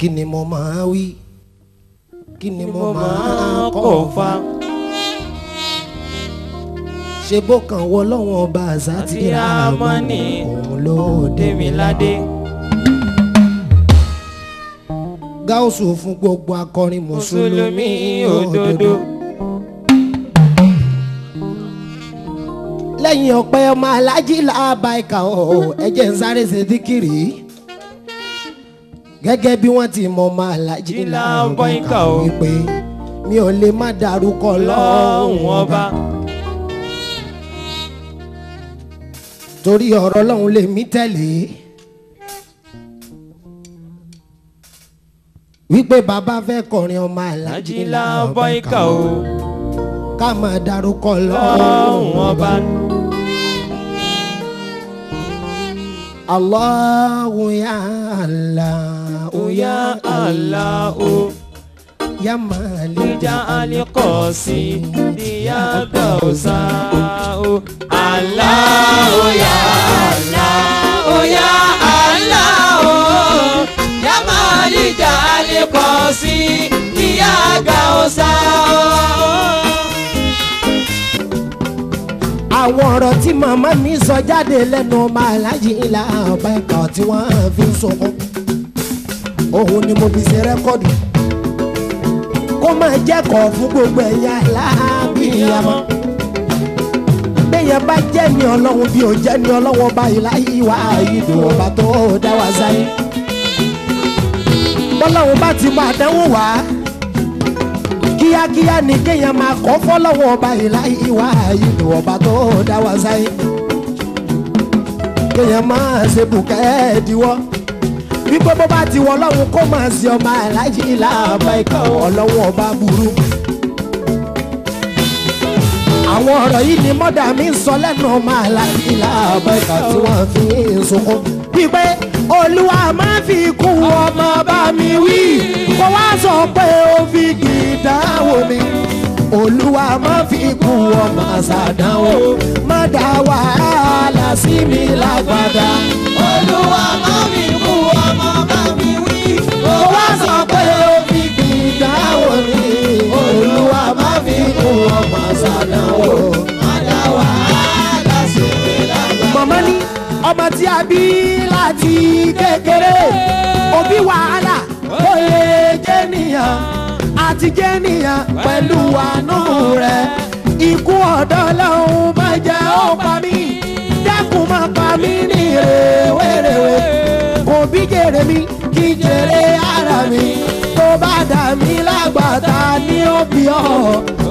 kí ni mo máa wí kí ni mo máa kọ̀ fa ṣe bó kan wọ lọ́wọ́n ọba àṣà tí a mọ̀ ní òun ló dé mi ládé. gáúsù fún gbogbo akọrin mùsùlùmí òdodo. lẹ́yìn ọ̀pẹ ọmọ alájí làbáìkà ọ̀ ẹ̀jẹ̀ ń sáré ṣe díkìrì gẹ́gẹ́ bí wọ́n ti mọ ọmọ alájí ìlànà bọ́ǹkà ò wípé mi ò lè má dárúkọ lọ́hùn ọba. torí ọ̀rọ̀ ọlọ́run lè mí tẹ̀lé wípé bàbá fẹ́ kọrin ọmọ alájí ìlànà bọ́ǹkà ká máa dárúkọ lọ́hùn ọba. ọba. Allahu ya Allah o ya Allah o ya mali ja alikosi diya gausa o Allah o ya Allah o ya Allah o ya mali ja alikosi. àwọn ọ̀rọ̀ tí màmá mi sọ jáde lẹ́nu ọmọ aláàjì ńlá àbáyọ̀ká tí wọ́n fi ń sunkún òun ni mo fi ṣe rẹ́kọ̀dù kó máa jẹ́kọ̀ọ́ fún gbogbo ẹ̀yà láàbíyàmọ́ béèyàn bá jẹ́ ni ọlọ́run bí ó jẹ́ ni ọlọ́run ọba ìláyé wá ìdùn ọba tó dá wa sáyé bọ́lọ́run bá ti máa dánwò wá kíákíá ní kéèyàn máa kọ́ fọ́lọ́wọ́ ọba ìláyé ìwà ìlú ọba tó dá wa sáyé kéèyàn máa ṣe bùkẹ́ ìdíwọ́ bí gbogbo bá ti wọ ọlọ́run kó máa ṣe ọmọ aláàjì ìlàbà ikọ̀ ọlọ́run ọba burú. àwọn ọ̀rọ̀ yìí ni mọ́dà mi ń sọ lẹ́nu ọmọ aláàjì ìlàbà ikọ̀ tí wọ́n fi ń sunkún fi pé olúwa má fi kún ọmọ bá mi wí kó wá sọ pé ó fi gbìdánwò mi olúwa má fi kún ọmọ ṣàdánwò má dá wàhálà sí mi lágbádá. olúwa má fi kún ọmọ bá mi wí kó wá sọ pé ó fi gbìdánwò mi olúwa má fi kún ọmọ ṣàdánwò. ọmọ tí a bí láti kékeré òbí wàhálà ó lè jẹ́ nìyàn àti jẹ́ nìyàn pẹ̀lú àánú rẹ̀ ikú ọ̀dọ́ lọ́hùn má jẹ́ ó pa mí dákun má pa mí ní rèwerèwe òbí jèrè mi kí jèrè ara mi tó bá dà mí lágbàtà ní òbí ọ̀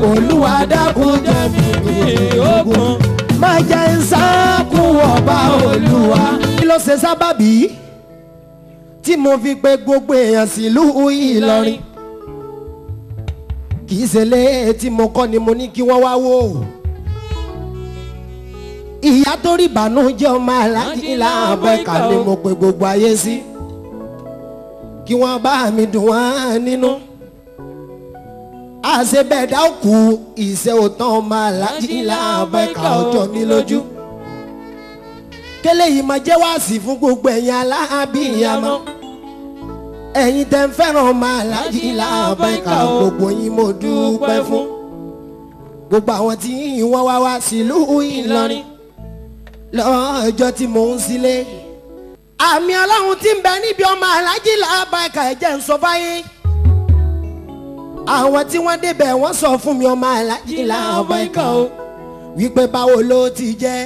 olúwa dákun jẹ́ mi ní ogun jẹ́ ń sákùn ọba olúwa kí ló ṣe sábàbí tí mo fi pe gbogbo èèyàn sílùú ìlọrin kì í ṣe lé tí mo kọ́ ni mo ní kí wọ́n wá wò ìyá tó rí ìbànújẹ́ ọmọ aláàjì láàbọ̀ ẹ̀ka ni mo pe gbogbo ayé sí kí wọ́n bá mi dùn wá nínú. No? àṣebẹ̀dá òkú ìṣe òtán ọmọ aláàjì ńlá àbẹ̀ká ọjọ́ mi lójú. kélé yìí máa jẹ́ wáàsí fún gbogbo ẹ̀yin aláàbí ìyàmọ́. ẹ̀yin tẹ́ ń fẹ́ràn ọmọ aláàjì ńlá àbẹ̀ká gbogbo yín mo dúpẹ́ fún. gbogbo àwọn tí yìnyín wọ́n wá wá sílùú Ìlọrin lọ́jọ́ tí mò ń sílé. àmì ọlọ́run tí ń bẹ níbi ọmọ aláàjì ẹ̀jẹ̀ ń sọ fáyé àwọn tí wọ́n débẹ̀ wọ́n sọ fún mi ọmọ alájìlá ọmọ ikọ̀ o wípé báwo ló ti jẹ́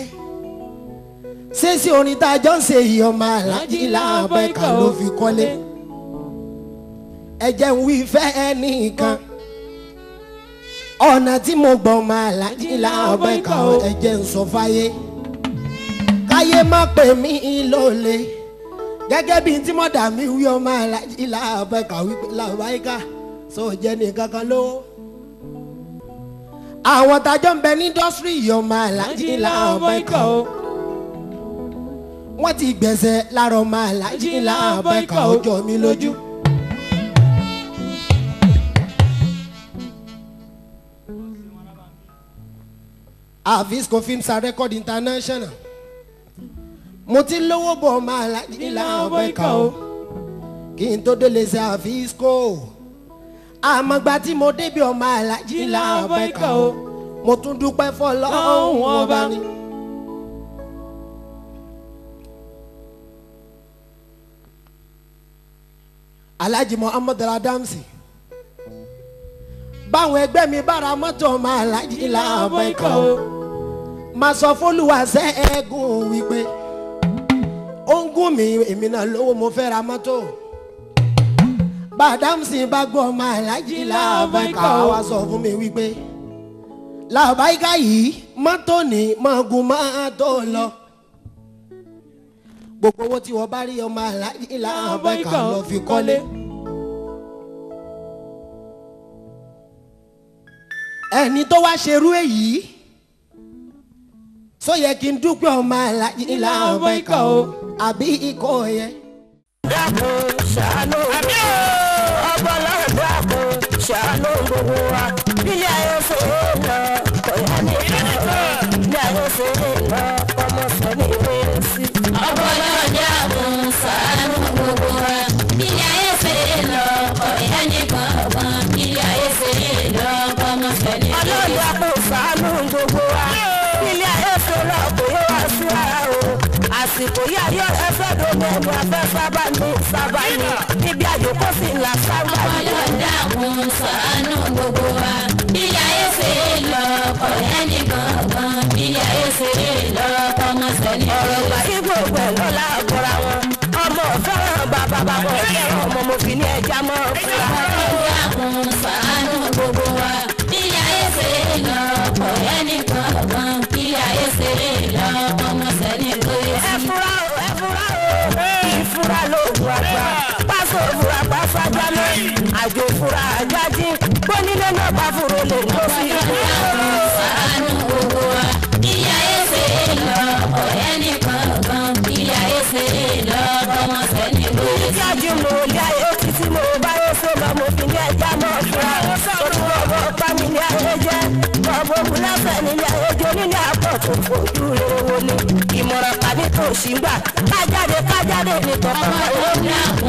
ṣéṣe orin tá a jọ ń ṣe yìí ọmọ alájìlá ọmọ ikọ̀ ló fi kọ́lé ẹ jẹ́ ń wí fẹ́ ẹnìkan ọ̀nà tí mo gbọ́ ọmọ alájìlá ọmọ ikọ̀ ẹ jẹ́ ń sọ fáyé káyé má pè mí lólè gẹ́gẹ́ bíi tí mọ̀dà mi wí ọmọ alájìlá ọmọ ikọ̀ wípé làwọn báyìí so jẹ́ ní kankan lówó. àwọn tajọ́ ń bẹ ní indọ́sírì yìí aláàjì ńlá ọmọ ikọ̀ wọ́n ti gbẹ̀sẹ̀ lára ọmọ aláàjì ńlá ọmọ ikọ̀ o mi lójú. Avisco Films and Record International mo ti lówó bọ̀ ọmọ aláàjì ńlá ọmọ ikọ̀ kí n tó délé sí Avisco àmọ́gbà tí mo débi ọmọ alájí ńlá ọ̀bẹ kan o mo tún dúpẹ́ fọlọ́hún ọba ni. Alhaji Muhammad Adamsi báwọn ẹgbẹ́ mi bára mọ́tò ọmọ alájí ńlá ọ̀bẹ kan o máa sọ fólúwa ṣẹ́gun wípé ó ń gún mi èmi náà lówó mo fẹ́ ra mọ́tò bàdámsì bá gbọ́ ọmọ aláàjì làbáìkà wa sọ fún mi wípé làbáìkà yìí mọ́tò ní mọ́gun máa tó lọ gbogbo owó tí wọ́n bá rí ọmọ aláàjì làbáìkà lọ fi kọ́lé. ẹni tó wá ṣerú èyí sọ kí n dúpẹ́ ọmọ aláàjì làbáìkà o àbí ikọ̀ yẹn dákun ṣàánú ọgbọ́lọ́ dákun ṣàánú gbogbo wa ilé ayé fèrè lọ kọ̀yà ní ìlọ ilé ayé fèrè lọ ọmọ sọ ní ìwé sí. ọgbọ́lọ́ dákun ṣàánú gbogbo wa ilé ayé fèrè lọ kọ̀yà ní gbọ̀ngàn ilé ayé fèrè lọ ọmọ sọ ní ìwé sí. ọlọ́run dákun ṣàánú gbogbo wa ilé ayé fèrè lọ kò yẹ wá o àsìkò yá yọ ẹfẹ ẹ̀kọ́ afẹ́ sábà ní sábà ní bíbí àyòkó sì là sábà ní. ọmọ yóò dáhùn sàánú gbogbo wa ilé ayé ṣe é lọ ọkọ ẹni gangan ilé ayé ṣe é lọ ọkọ ọmọ sẹ́ni. ọ̀rọ̀ gbàgbé gbogbo ẹ̀ lọ́la ọ̀gbọ́ra wọn ọmọ fẹ́ràn bàbá bàbá ọ̀rẹ́ ọmọ fura àjájí bónílé náà bá fúro lè lọ sí ìlú. sàánú gbogbo wa ìyá ẹsẹ̀ lọ ọ̀rẹ́ nìkan kan ìyá ẹsẹ̀ lọ ọmọ sẹ́ni ló ń sọ. ìjájú mo lé ayé títí mo bá yẹ sọ́ba mo fi ní ẹja náà fura ó tún ọmọ ọba mi ní ayé jẹ́ ọmọ òun lásán nílé ayé jẹ́ onílé àpọ̀ tó fojú rẹ̀ wọlé ìmọ̀ràn pàdé tó ṣì ń gbà kájáde kájáde nìkan ọmọ òun náà.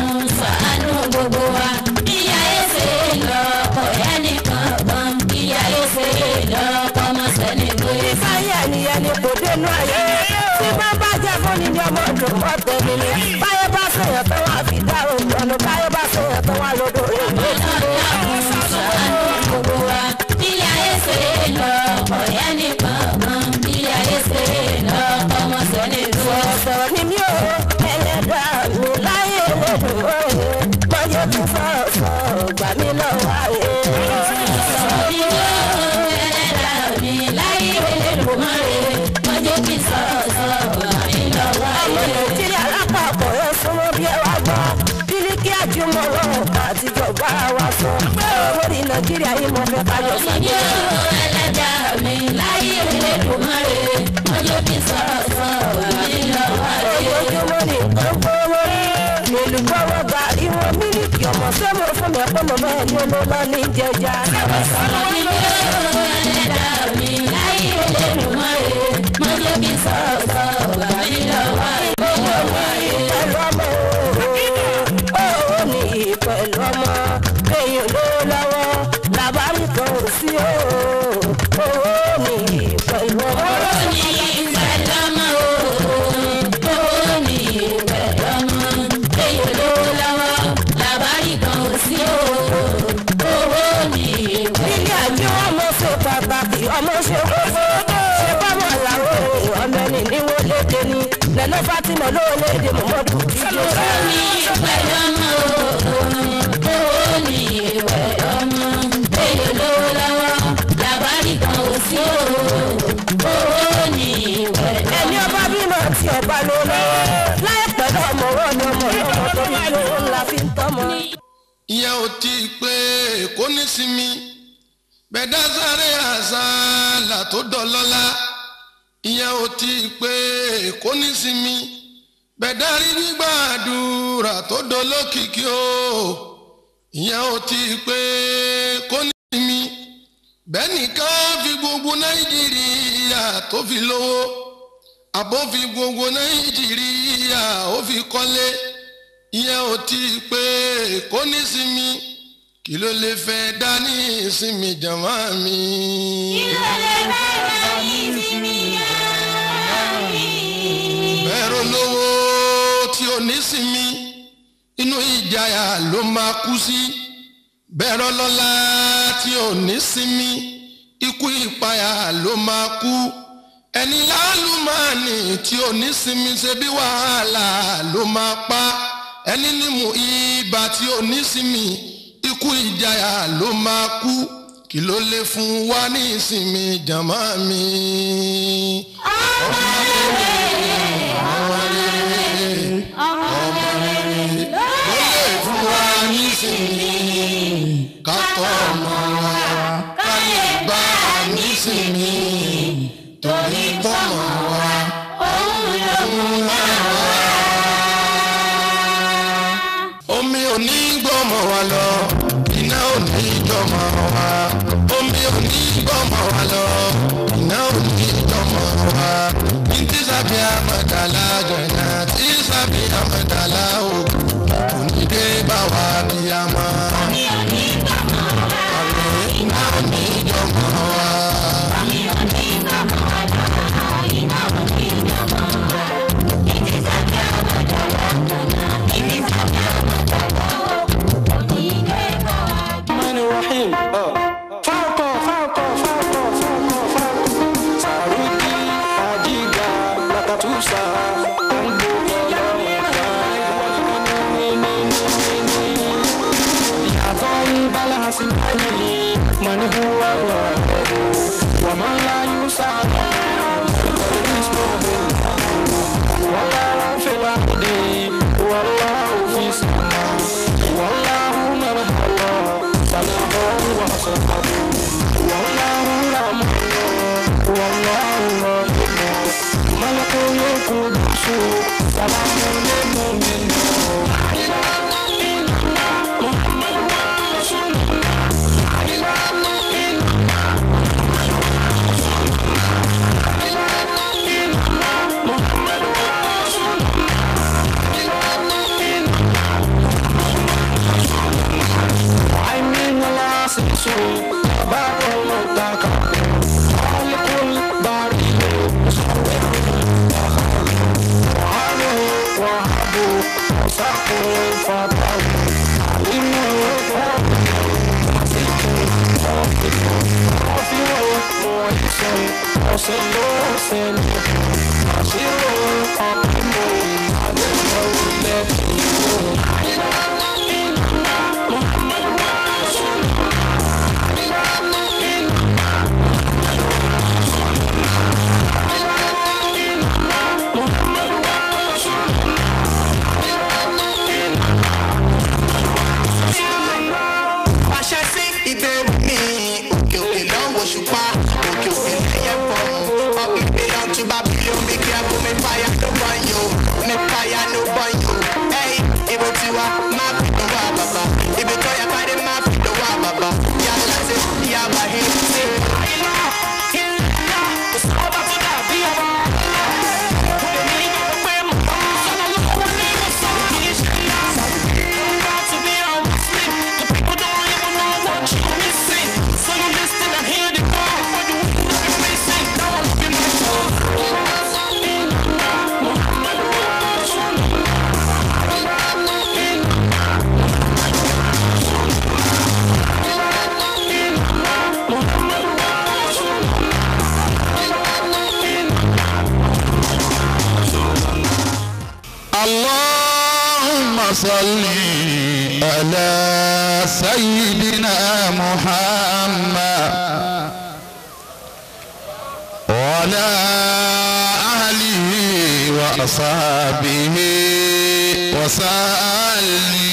nàìjíríà yìí mo fẹ́ ká yọ sọ. ẹlẹ́dà mi láyé Olódùmarè ọjọ́ kí sọ̀rọ̀ sọ̀rọ̀ mi lọ́wọ́ rẹ̀. ojoojúmọ́ ni ó ń gbówó rí gbọ́wọ́ gba ìwọ̀n mílíkì ọmọ sẹ́wọ̀n fún mi ọ̀pọ̀ mọ̀ bẹ́ẹ̀ ni mo máa ní jẹjà. sọ̀rọ̀ sọ̀rọ̀ mi sinmi bẹ̀dá sáré àṣàlà tó dọ̀lọ́lá ìyẹn ò tí pé èkó ní sinmi bẹ̀dá rí gbígbàdúrà tó o ìyẹn ò tí pé kó ní sinmi fi gbogbo nàìjíríà tó fi lówó àbó fi gbogbo nàìjíríà ó fi kọ́lé ìyẹn ò ti pé ní sinmi. kí ló lè fẹ́ dání ìsinmi jàmá mi. kí ló lè fẹ́ dání ìsinmi jàmá mi. bẹ́ẹ̀rù lówó tí ò ní sinmi inú ìjayà ló máa kú sí. bẹ́ẹ̀rù lọ́lá tí ò ní sinmi ikú ìpayà ló máa kú. ẹni lálùmọ́ọ́nì tí ò ní sinmi ṣe bí wàhálà ló máa pa ẹni ní mú ibà tí ò ní sinmi ikú ìjayà ló máa kú kí ló lè fún wa ní ìsinmi jàmá mi. ọmọ rere ọmọ rere ọmọ rere ló lè fún wa ní ìsinmi kátó. Money in harmony, man are Iowa. صلي على سيدنا محمد وعلى أهله وأصحابه وسلم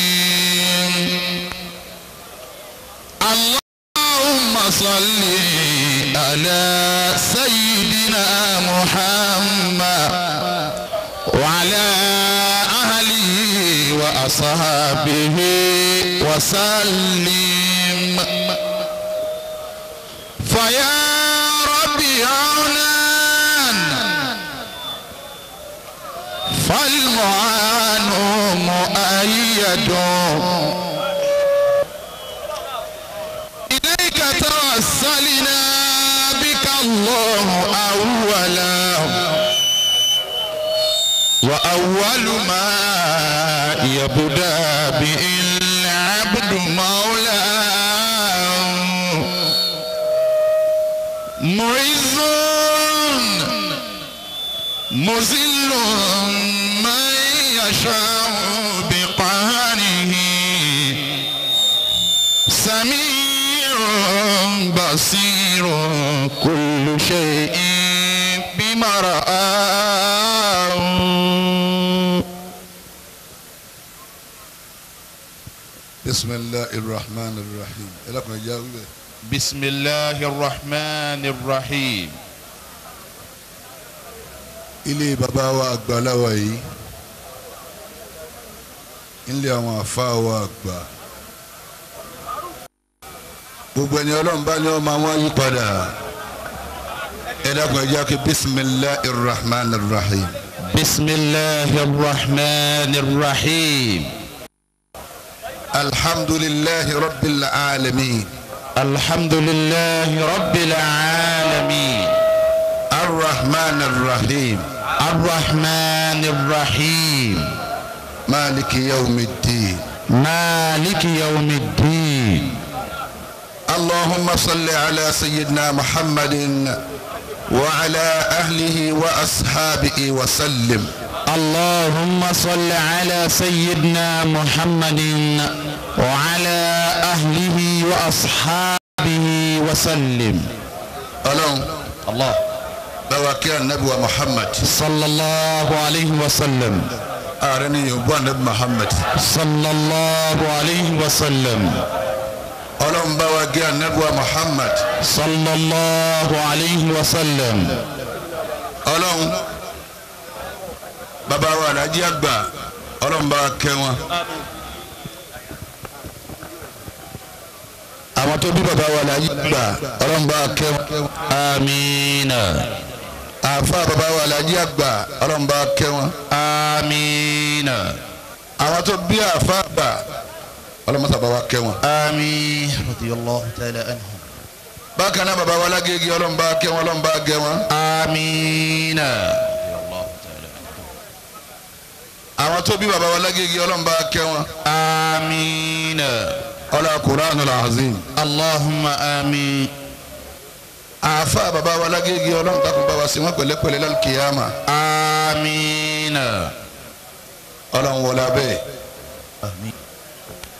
وسلم فيا ربي علان فالمعان مؤيد بسم الله الرحمن الرحيم lọkùnrin jẹ awi bẹ. bisimilahi rahman rahim. ilé bàbá wa àgbàláwa yìí ilé àwọn àfa wa àgbà gbogbo ẹni ọlọ́run bá ọmọ àwọn ayípadà ẹ dákun ẹ kí bisimilahi rahman rahim. bisimilahi rahman rahim. الحمد لله رب العالمين الحمد لله رب العالمين الرحمن الرحيم الرحمن الرحيم مالك يوم الدين مالك يوم الدين اللهم صل على سيدنا محمد وعلى أهله وأصحابه وسلم اللهم صل على سيدنا محمد وعلى أهله وأصحابه وسلم ألون الله بواكي النبي محمد صلى الله عليه وسلم أرني يبوى النبي محمد صلى الله عليه وسلم ألون bá wa محمد. صلى الله عليه وسلم. ألون sallam. ọlọ́run bàbá wa alájí àgbà àwọn tó bí bàbá wa láyé àgbà ọlọ́mùbá kẹwọn amínà àfa bàbá wa láyé àgbà ọlọ́mùbá kẹwọn amínà àwọn tó bí àfa àgbà ọlọ́mùbá bàbá wa kẹwọn. àmín radiyallahu ta'ala anhu. bákan náà bàbá wa lágége ọlọ́mùbá kẹwọn ọlọ́mùbá gẹwọn. amínà àwọn tó bí bàbá wa lágége ọlọ́mùbá kẹwọn. amínà ọlá quran alazim. allahumma amin. àáfà bàbá wa lágége ọlọ́run takùn bá wa sí wọn pẹ̀lẹ́pẹ̀lẹ́ lálùkìyàmà. amina. ọlọ́run wọlé abẹ́.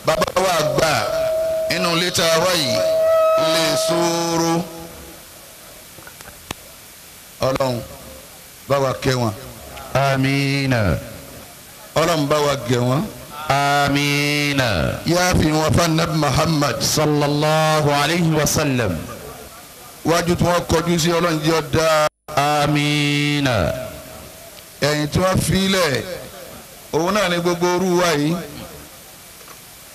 bàbá wa gbà inú ilé tá a wá yìí lè sóró. ọlọ́run bá wa kẹ́ ọlọ́run bá wa gẹ̀ wọ́n. آمين يا wafan وفن muhammad. sallallahu alayhi wa sallam. wájú tí wọ́n kọjú sí ọlọ́run jẹ́ da. amiina. ẹ̀yìn tí wọ́n filẹ̀ òun náà ni gbogbo orú wa yìí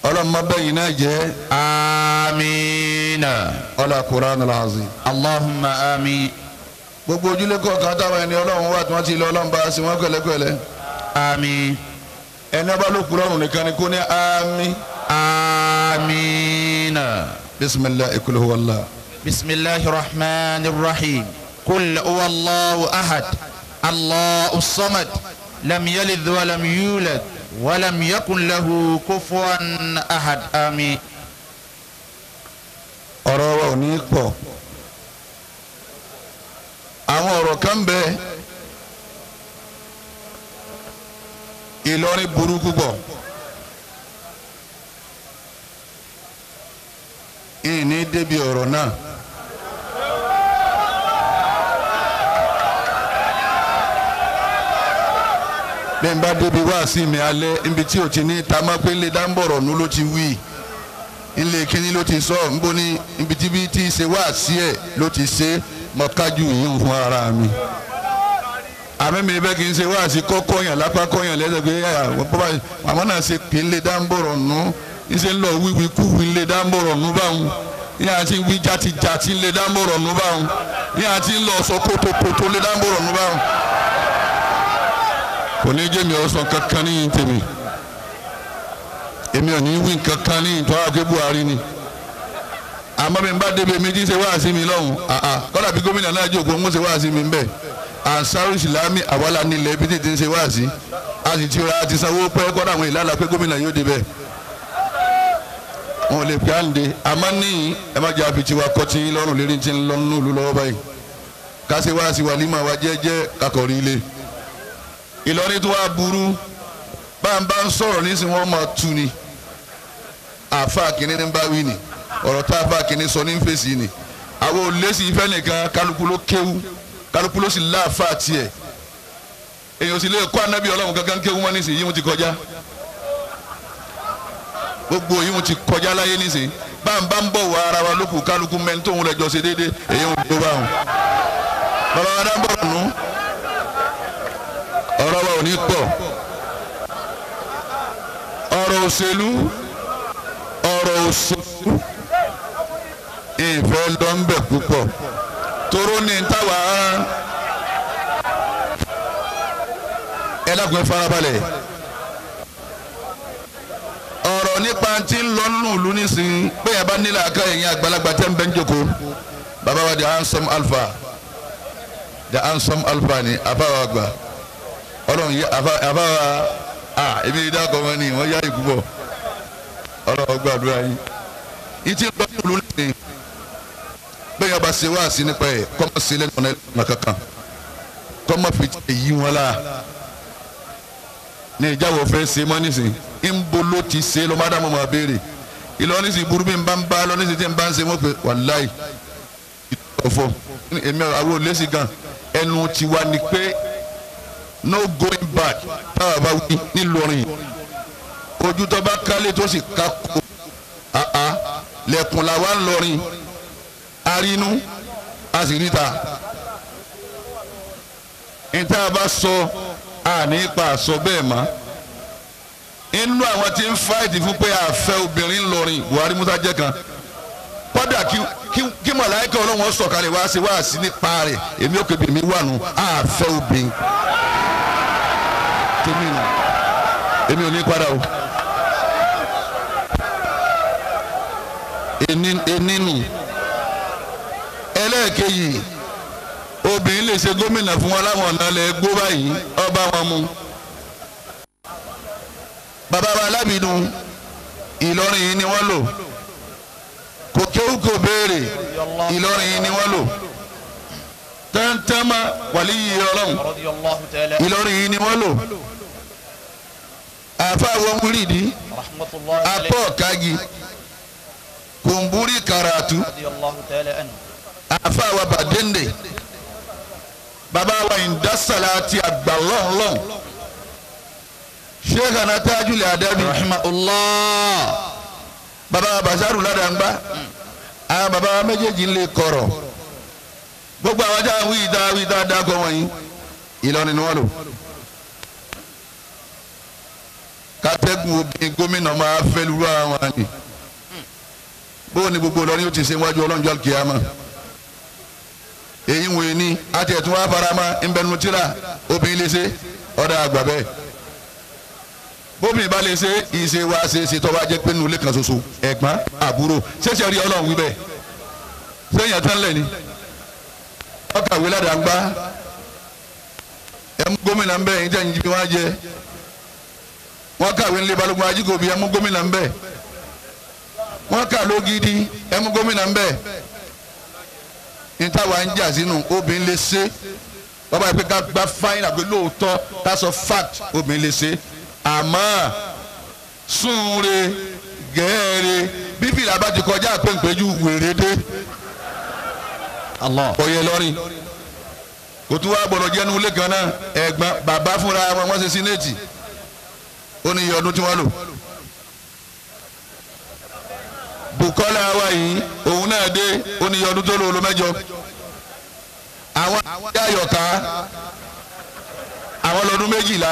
ọlọ́run má bẹ́yìn náà jẹ́. amiina. ọlá kuran alaazi. allahumma amin. gbogbo ojúlé kọ̀ọ̀kan táwọn ẹni ọlọ́run wà tí wọ́n ti lọ ọlọ́run bá a sí wọn kẹ́lẹ́kẹ́lẹ́. amiina ẹni bá ló kúrò ọ̀run nìkan ni kò ní àmín. amiina. bisimilahi kul huwa allah. bisimilahi rahman rahim. kul huwa allahu ahad. allahu samad. lam yalid wa lam yulad. wa lam yakun lahu kufuwan ahad. amiin. ọ̀rọ̀ wa ò ní pọ̀. àwọn ọ̀rọ̀ kan bẹ́ẹ̀. Ìlọrin burú púpọ̀ ìní débi ọ̀rọ̀ náà. bí n bá débi wá sí mi alẹ́ níbi tí o ti ní ta mọ́ pé lè dáńbọ̀rọ̀ nu ló ti wí ilé kínní ló ti sọ nbó ní ibi tí bí ti ṣe wá sí ẹ̀ ló ti ṣe mọ́kájú yìí ń fún ara mi. àmẹ́mi bẹ́ẹ̀ kì í ṣe wá sí kọ́kọ́ yàn lápá kọ́yàn lẹ́sẹ̀ pé ah, àwọn náà ṣe pé ńlẹ̀ dáńbọ̀rọ̀ nù ṣe ń lọ wíwí kú wí ńlẹ̀ dáńbọ̀rọ̀ nù báwọn ní àti wí jatijati ńlẹ̀ dáńbọ̀rọ̀ nù báwọn ní àti ń lọ sọ kótókótó ńlẹ̀ dáńbọ̀rọ̀ nù báwọn. kò ní jẹ́ mi ọ̀sán kankan ní tèmi èmi ò ní wí kankan ní Buhari ni àmọ́ mi bá débi méjì ṣe wá sí mi lọ́hùn ansaru islami àwàlà nílẹ̀ ibi tí ń ṣe wáàsí a sì ti ra ti sanwó pẹ́ kọ́ra àwọn ìlànà pé gómìnà yóò débẹ̀ wọn ò lè pè á ń de àmọ́ níyìn ẹ má jẹ́ àfitì wa kọ́ tí lọ́rùn lérí ti ń lọ nínú ìlú lọ́wọ́ báyìí kásì wá sí wàlímà wa jẹ́jẹ́ kakọ̀rí ilé Ìlọrin tó wá burú bá ń bá ń sọ̀rọ̀ nísìnyí wọ́n máa tu ni àfa kìíní ní bá wí ni ọ̀rọ̀ tá a fa kìíní sọ ní fèsì ni àwọn olùlẹ́sìn ìfẹ́ nìkan kálukú ló kéwu kálukú ló sì láàfà tiẹ̀ èyàn sì lè kó anábì ọlọ́run gangan kéwú mọ́ nísìnyí mo ti kọjá gbogbo yìí mo ti kọjá láyé nísìnyí bá ń bá ń bọ̀ wá ara wa lókù kálukú mẹ́ni tóun lè jọ ṣe déédéé èyàn ò gbó báwọn. bàbá wa dáńbọ̀ nù ọ̀rọ̀ wa ò ní pọ̀ ọ̀rọ̀ òṣèlú ọ̀rọ̀ òṣèlú ìfẹ́ lọ́nbẹ̀ púpọ̀ toro ní ntàwá ẹ dákun ẹ farabalẹ̀ ọ̀rọ̀ nípa ti ń lọ nínú ìlú nísìnyí pé yàrá bá nílò àká ẹ̀yìn àgbàlagbà tẹ́ ń bẹ́ ń jókòó bàbá wa the handsome alpha Di handsome alpha ni àbáwá gbà ọlọ́run yẹ àbáwá a ebi ìdá kọ́mọ ni wọ́n yá ìkú bọ̀ ọlọ́run gbàdúrà yín ìtì ń lọ sí ìlú nísìnyí bẹ́ẹ̀ yọba ṣe wá sí nípa ẹ̀ kọ́mọ sí lẹ́nu ọ̀nà ìlànà kankan kọ́mọ fi ti yí wọn la ní ìjáwọ̀ fẹ́ ṣe mọ́ nísìn ń bolo ti ṣe ló má ma béèrè ìlọrin burú bí bá ń bá lọ́ní tí n bá ń ṣe wọ́n pé wàláì ọ̀fọ̀ èmi àwọn olèsì gan ẹnu tiwa ni pé no going back táwa bá wí nílọrin ojú tó bá kálé tó sì ká lẹ́kùn làwa ń a rí inú a sì rí ta níta bá sọ a ní pa àsọ bẹ́ẹ̀ mọ́ inú àwọn tí ń fáìtì fún pé àfẹ́ obìnrin lọrin Buhari Musa jẹ́ kan kódà kí mọ̀láyíkà ọlọ́wọ́n sọ̀kalẹ̀ wá sí wá sí nípa rẹ̀ èmi òkè bèmí wà nù àfẹ́ obìnrin tèmi nù èmi ò ní padà o. ẹni ẹni nù ẹlẹ́ẹ̀kejì obìnrin lè ṣe gómìnà fún wọn láwọn ọ̀nà ilẹ̀ gbó báyìí ọba wọn mu bàbá wa alábìínú Ìlọrin yìí ni wọ́n lò kò kéwù kò béèrè Ìlọrin yìí ni wọ́n lò tẹ́ntẹ́mà wàlíyí ọlọ́run Ìlọrin yìí ni wọ́n lò àfa àwọn múlìdí apọ̀ kági kòǹbúrí karatu. Afa wa bàdéǹdè Baba wa ìdásàlà àti àgbà lọ́nlọ́n Sheikhana Tajul Adabi rahimahullah bàbá wa Basharu Ladangba Ah, Baba wa méjèèjì ń lè kọ̀rọ̀ gbogbo àwọn ajá wí ìta wí ìta dákọ̀ wọ̀nyí Ìlọrin ni wọ́n lò kátẹ́gùn obìnrin gómìnà máa fẹ́ lulú ni gbogbo Ìlọrin yóò ti ṣe wájú ọlọ́njọ́ kìámà èyí wòye ní àti ẹ̀tún wá farama ńbẹnumutira obìnrin lè ṣe ọ̀dà àgbà bẹ́ẹ̀ bóbìnrin bá lè ṣe ìṣe wa ṣe ṣe tọ́ba jẹ́ pé nulẹ̀ kan ṣoṣo ẹ̀gbọ́n àbúrò ṣẹṣẹ rí ọlọ́run wí bẹ́ẹ̀ sẹ́yìn àtẹ́lẹ̀ ni ọkà ìwé ládàgbà ẹ̀mú gómìnà ń bẹ̀ ẹ̀yìn tẹ̀ ń wọn jẹ wọn kàwé nílé balógun ajíkòbí ẹ̀mú gómìnà ń bẹ̀ wọn kà lógidi ẹ̀mú gómìnà ń bẹ̀ ní táwa ń jà sínú obìnrin lè ṣe bàbá yìí pé ká gba fáyín àgbẹ̀ lóòótọ́ ká sọ fact obìnrin lè ṣe àmọ́ súnre gẹ́ẹ́re bíbí làbá ti kọjá pèǹpéjú wèrè dé lọ́rin kò tún wá gbọ́dọ̀ jẹ́nu ilé kan náà ẹ̀gbọ́n bàbá fúnra wọn Bukola wa yìí òun náà dé oníyọdún tó lólo mẹ́jọ àwọn ayọ̀ká àwọn lọ́dún méjìlá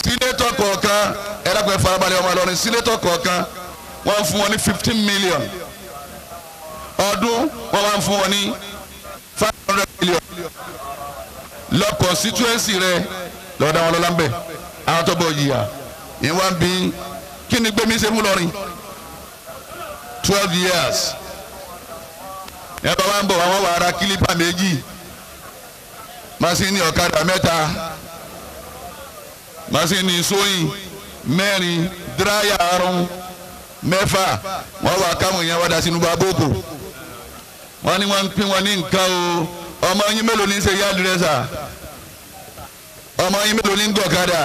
sínétọ̀ kọ̀ọ̀kan ẹ̀dàpẹ̀ farabalẹ̀ ọmọ Ìlọrin sínétọ̀ kọ̀ọ̀kan wọ́n fún wọn ní fifteen million ọdún wọ́n wá fún wọn ní five hundred million lọ constituency rẹ lọ́dọ̀ àwọn ọlọ́lá ń bẹ̀ àwọn tó bọ̀ yìí à ìwọ̀n bí kí ni gbẹ̀mí ṣe mú lọ́rin twelve years ẹ bá wa ń bọ̀ wọ́n wà ara kílípà méjì masini ọ̀kadà mẹ́ta masini sóyìn mẹ́rin díráyà àrùn mẹ́fà wọ́n wà káwọn èèyàn wádà sínú baboko wọ́n ní wọ́n ń pín wọn ní nǹkan o ọmọ yín mélòó ní í ṣe yádìrẹ́sà ọmọ yín mélòó ní ń gọ̀kadà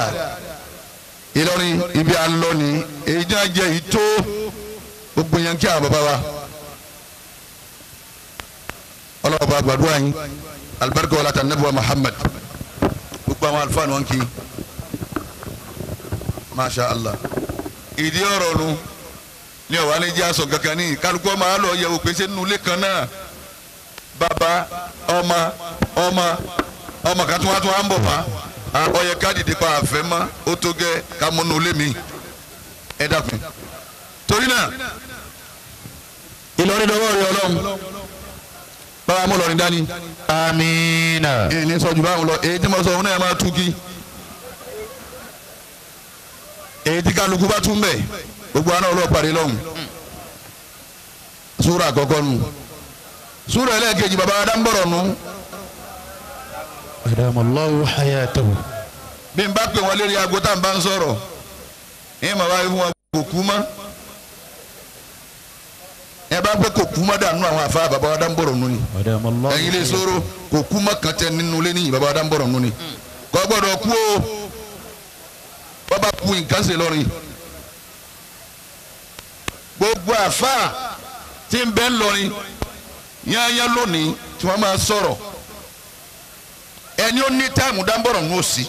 Ìlọrin ibi à ni èyí náà jẹ́ ìtó gbogbo yẹn kí àwọn bàbá wa ọlọ́wọ́ gbàdúrà yín alibarika wàlá tàn nàbẹ̀wá Muhammad gbogbo àwọn alifa ni wọn kì í masha allah ìdí ọ̀rọ̀ nu ní ọ̀wá ní jẹ́ aṣọ kankan ní kálukú ọmọ alọ yẹ̀wò pèsè nínú ilé kan náà bàbá ọmọ ọmọ ọmọ kan tí wọ́n á tún wá ń bọ̀ wá ọyẹ dìde pa àfẹ́ mọ́ ó tó gẹ́ ká mọ́nú ilé mi ẹ dákun torí náà Ìlọrin dọwọ́ rẹ Ọlọ́run báwa mú lọrin dání. amiina. ẹ ní sọ jù báwọn lọ èyí tí mo sọ òun náà máa tún kí èyí tí kálukú bá tún bẹ̀ gbogbo àná ọlọ́pàá rí lọ́hùn súrà àkọ́kọ́ nu súrà ẹlẹ́ẹ̀kejì baba adámbọ̀rọ̀ nu. adamallahu hayatahu. bí n bá pè wọn lérí aago n bá ń sọ̀rọ̀ ẹ máa wá fún wọn kò kú mọ́ ẹ bá pẹ́ kò kú dànù àwọn àfa bàbá wa dáńbọ̀rọ̀ nù ni ẹ̀yin lè soro kò kú mọ́ kàn tẹ nínú lé ní bàbá wa dáńbọ̀rọ̀ nù ni kò gbọ́dọ̀ kú o bàbá kú nǹkan ṣe lọ́rin gbogbo àfa tí ń bẹ lọ́rin yányá lónìí tí wọ́n máa sọ̀rọ̀ ẹni ó ní táìmù dáńbọ̀rọ̀ nù ó sí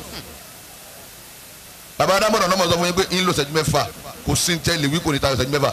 bàbá dáńbọ̀rọ̀ náà sọ fún yín pé ń lo ṣẹ́jú mẹ́fà kò sí ń tẹ́lẹ̀ wí kò ní ta ṣẹ́jú mẹ́fà.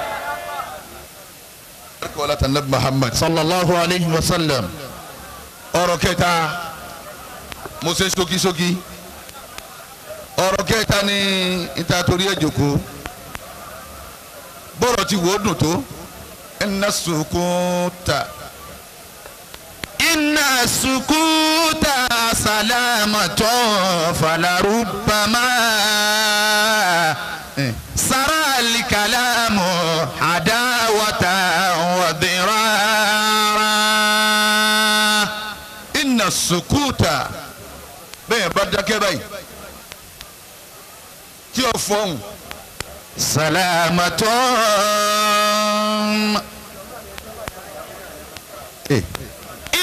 kọ́lá tán nabi muhammad sallallahu alayhi wa sallam ọ̀rọ̀ kẹta mo ṣe ṣókíṣókí ọ̀rọ̀ kẹta ní ìtàtórí ẹ̀jọ̀kọ bọ́rọ̀ ti wò ó dùn tó ẹ̀nà sùkúta. sukuta salamatu falarubama eh, sara alikalamu ada. Sukuta, bẹ́ẹ̀ bá dákẹ́ báyìí tí o fọ́hùn. salamatun.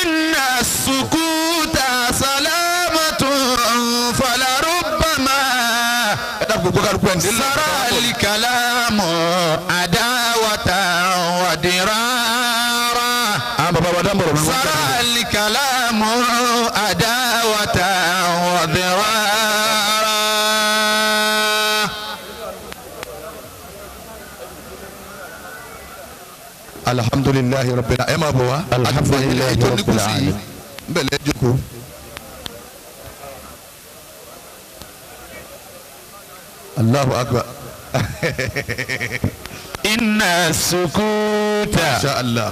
inna sukuta salamatun falarubama. ẹ dàgbò gbogbo kálukú alihamudulilayi rọpẹlá ẹ máa bọ̀ wá alihamudulilayi tó ní kùsì yìí ń bẹ̀lẹ̀ jókòó. Allahu akbar. inna sukuta. masha allah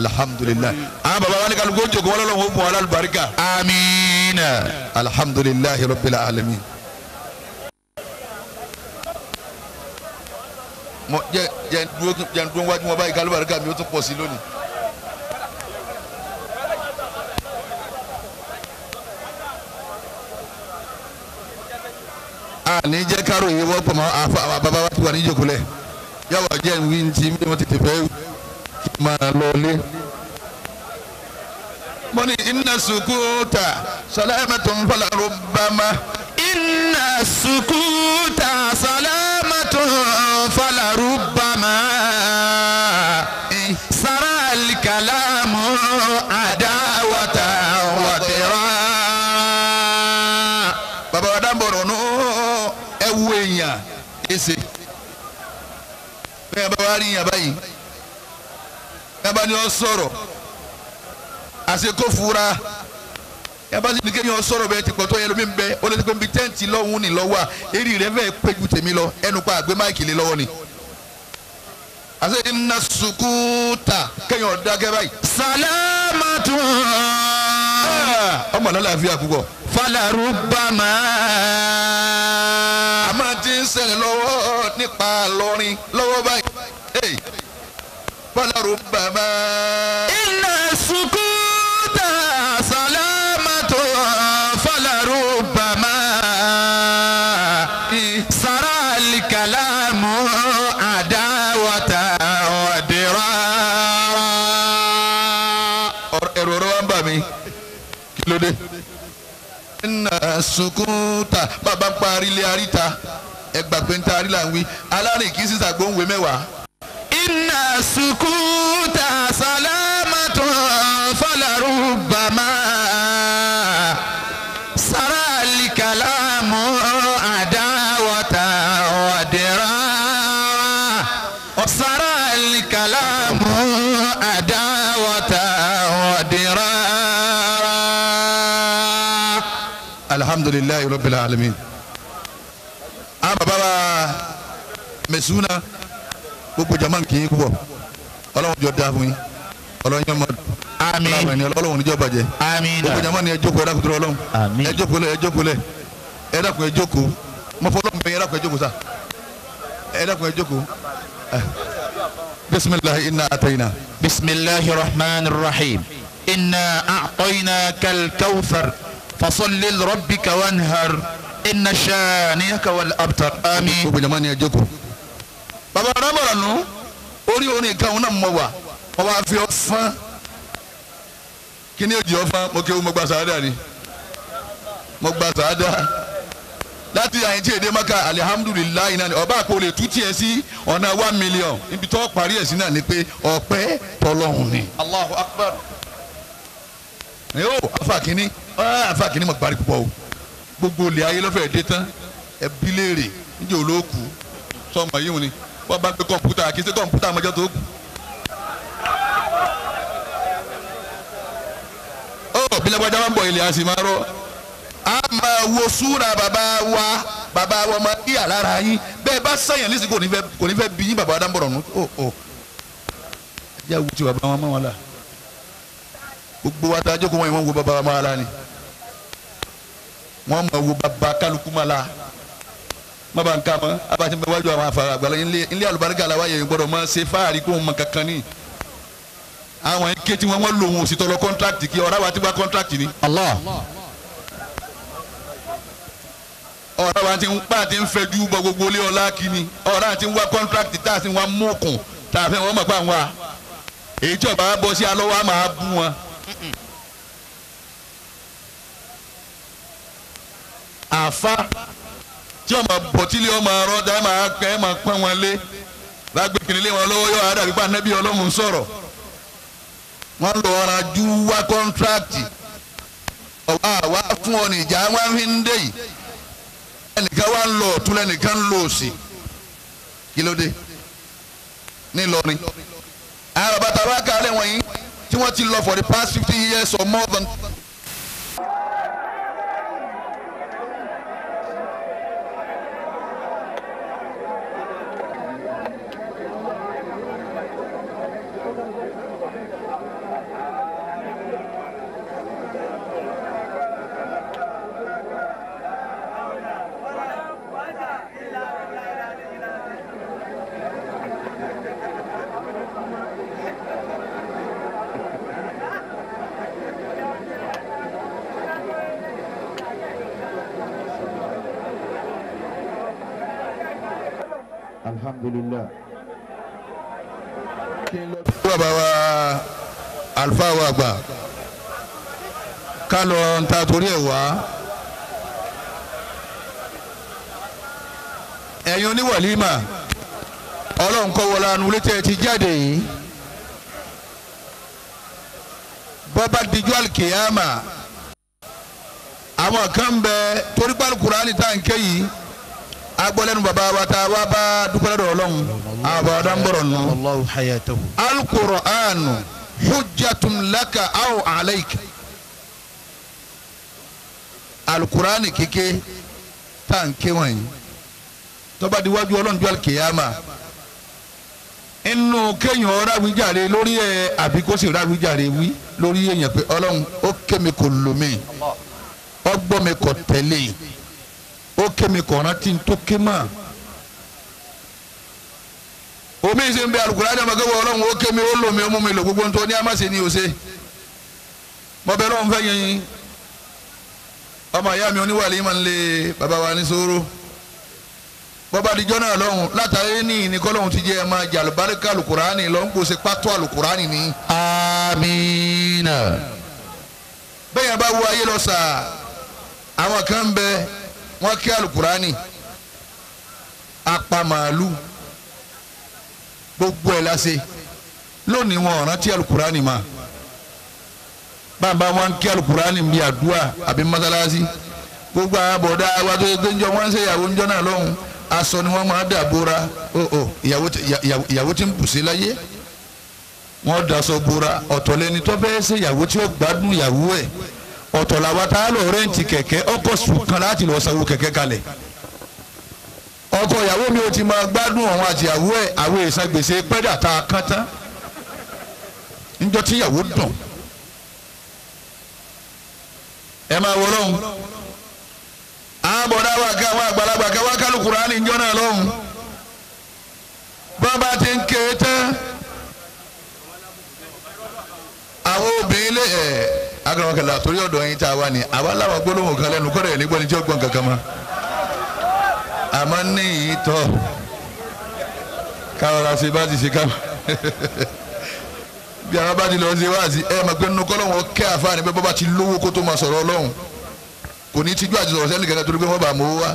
alhamdulilayi. àwọn baba wa ni kálukú jókòó wọlé lọ́wọ́ fún wa lálùbáríkà. amiina. alhamdulilayi rọpẹlá alamin. mo jẹ jẹ dúró jẹ dúró wájú wọn báyìí gálùbáríkà mi ó tún pọ̀ sí lónìí. àní jẹ́ kárò yìí wọ́pọ̀ mọ́ àfa bàbá wa ti wà ní ìjòkólẹ̀ yàwó jẹ́ ìwí ti mi wọ́n tètè fẹ́ kí n máa lọ lé. mo ta sọlá ẹ̀mẹ́tò ń fọlá rọ bá má inna sukuta salamatu falarubama saral kalamu adawata wadira. bàbá wa dábọ̀rọ̀ nù ẹ wú èèyàn yaba sì kéèyàn sọ̀rọ̀ bẹ́ẹ̀ ti pọ̀ tó yẹ lómi bẹ́ẹ̀ ó lè ti pé nbí tẹ́ǹtì lọ́hùn ní lọ́wọ́ à eré rẹ̀ fẹ́ẹ́ pé ju tèmi lọ ẹnu pa àgbé máìkì lé lọ́wọ́ ni. àṣẹ iná sùkúta kéèyàn dákẹ́ báyìí. sàlámà tún. ọmọ lọ́la fi àkúkọ. falaru bàmà. a máa ti ń ṣẹlẹ̀ lọ́wọ́ nípa lọ́rin lọ́wọ́ báyìí. falaru bàmà. náà sukuta bàbá ń parí ilé àríta ẹ gbà pé ń ta àríla ń wí alárìn kì í sísà gbóhùnwé mẹ́wàá. iná sunkúntà sálámà tó fọlọ́rù bàmá. alhamdulilayi rabbil alamin àwọn ah, baba wa mẹsùnà gbogbo jama kì í púpọ̀ ọlọ́run jọ dáa fún yín ọlọ́run yẹn mọ àmín ọlọ́run níjọ bàjẹ́ àmín gbogbo jama ni ẹ jókòó ẹ dákun tó ọlọ́run àmín ẹ jókòó lẹ ẹ jókòó lẹ ẹ dákun ẹ jókòó mo fọ ọlọ́run bẹyẹ ẹ dákun ẹ jókòó sa ẹ dákun ẹ jókòó ah. bisimilahi inna atayina. bisimilahi rahman rahim inna a'toyina kalkawfar fasolli rabbika wanhar inna shaniyaka wal abtar àmín. gbogbo jama ni ẹ jókòó. bàbá arábàrànú orí orin kan náà mọ wà wọn wá fi ọ fán kí ni èjì ọ fán mo kéwu mo gba sàádà ni mo gba sàádà láti àyìntí èdè maka alihamudulilayi náà ni ọba àpò lè tiẹ̀ sí ọ̀nà one million ibi tó parí ẹ̀ sí náà ni pé ọpẹ́ tọlọ́hun ni. Allahu Akbar yóò afa kínní afa kínní mọ̀ gbari púpọ̀ o gbogbo olè ayé lọ́fẹ̀ẹ́ dé tán ẹbí léèrè níjẹ́ olóòkú sọmọ yìí ni wọ́n bá gbé kọ̀ǹpútà kí ṣe kọ̀ǹpútà mọ́jọ́ tó kù. ó bílẹ̀gbọ́jà wọn bọ̀ ilé a sì máa rọ a máa wo súra bàbá wa bàbá wa máa bí àlára yín bẹ́ẹ̀ bá sẹ́yìn nísìnyí kò ní fẹ́ bí yín bàbá wa nù ó ó ẹ jẹ́ àwùjọ bàbá wọn mọ́ wọn là gbogbo wa ta jókòó wọn yìí wọ́n wo bàbá máa la ni wọ́n máa wo bàbá kálukú máa la má bàa nǹkan mọ́ abàtí bẹ wájú àwọn afárá àgbàlá ilé ilé alùbáríkà làwọn yẹn gbọ́dọ̀ máa ṣe fáàrí kó mọ kankan ní àwọn yẹn ké tí wọ́n lò wọn òsì tọlọ kọ́ńtrákìtì kí ọ̀rá wa ti wá kọ́ńtrákìtì ni. Allah ọ̀rá wa ti ń pa àti ń fẹjú bọ gbogbo ilé ọlá kìíní ọ̀rá àti ń wá kọ́ńtrákìtì tá a sì ń wá mọ́ọ̀kùn tá wọ́n mọ̀ pa àwọn wa èyí tí ọ̀bá àfa tí ọmọ ma ọmọ arọ́dá ẹ̀ máa kẹ́ ẹ̀ wọn lé lágbèkìlì lé wọn lọ́wọ́ yóò adàbí pa nẹ́bí ọlọ́run sọ̀rọ̀ wọ́n lọ ọ̀ràn ju wá kọ́ńtrákì ọ̀wá àwa fún ọ nìjà wọn fi ń dé yìí ẹnìkan ń lọ lọ òsì nílọrin àwọn bàtà tí ti lọ for the past fifty years or more than alhamdulillah. kí n lọ bí bàbá wa alfa wa gbà ká lọ ń ta torí ẹ̀ wá. ẹ̀yin oníwàlímà ọlọ́run kọ́ wọlé anu létí ẹ ti jáde yìí bọ́bá dijọ́ alikiyama àwọn kan bẹ torí pálí kùránì tá yìí agbọ́lẹ́nu baba wa ta wa bá dúpẹ́lẹ́ dọ̀ ọlọ́run àbọ̀dánbọ̀rọ̀ nù. al-Qur'anu hujjatun laka aw alayka. al-Qur'ani kéke tá à ń ké wọ̀nyí tó bá di wájú ọlọ́run jọ́ al-Qiyama inú kéèyàn ráwíjàre lórí ẹ àbí kó sì ráwíjàre wí lórí èèyàn pé ọlọ́run ó ké mi mi kò tẹ̀lé yìí ó ké mi kọ̀ rántí tó ké mọ́ omi ṣe bẹ alukura ní ọmọkẹ́ wọ ọlọ́run ó ké ó lò ó mú mi lò gbogbo nítorí ní amásè ni òsè mọ̀bẹ́ lọ́run fẹ́ yẹn ọmọ ìyá mi oníwàlẹ́ yìí máa bàbá wa ní sóró bọ́bá àdìjọ́ náà lọ́hùn látàrí ní ìníkọ́ lọ́hùn ti jẹ́ ẹ máa jẹ lọ́hùn kò ṣe pátó alukurani ni. amiina. bẹ́ẹ̀ yẹn bá wo ayé lọ sà àwọn kan ń wọ́n kí alukurani apá màálù gbogbo ẹ̀ la ṣe lónìí wọn ọ̀ràn tí alukurani ma bàbá wọn kí alukurani bí àdúrà àbí mọ́sálásí gbogbo àbọ̀dá wa tó gbé njọ́ wọn ṣe ìyàwó njọ́ náà lọ́hùn aṣọ ni wọ́n máa dà bóra ìyàwó tí ń bùsí láyé wọ́n daṣọ bóra ọ̀tọ̀lẹ́ni tó bẹ́ẹ̀ ṣe ìyàwó tí ó gbádùn ìyàwó ẹ̀. ọ̀tọ̀ làwa tá a lọ rẹ́ǹtì kẹ̀kẹ́ ọkọ̀ sùn kan láti lọ sanwó kalẹ̀ ọkọ ìyàwó mi ò ti máa gbádùn ọ̀hún àti ìyàwó ẹ̀ àwọn èèyàn gbèsè pẹ́dà tá a kán tán níjọ́ tí ìyàwó dùn ẹ máa wọ lọ́hùn àbọ̀dá wa ká àgbàlagbà ká kálukú ní ìjọ náà lọ́hùn ti ń ké tán àwọn obìnrin lè ẹ̀. agbẹ̀wọ̀kẹ̀lá torí ọ̀dọ̀ yín tá a wà ní àwa láwọn gbólóhùn kan lẹ́nu kọ́dọ̀ yẹn nígbà ní tí ó gbọ́n kankan mọ́ àmọ́ ní ìtọ́ káwọn aṣọ bá ti ṣe ká bí àwọn bá ti lọ ṣe wáàsí ẹ mọ̀ pé nínú kọ́lọ́hún kẹ́ àfáàní pé bọ́ba ti lówó kó tó máa sọ̀rọ̀ ọlọ́hún kò ní tíjú àti sọ̀rọ̀ sẹ́nì kankan torí pé wọ́n bá mọ́ wá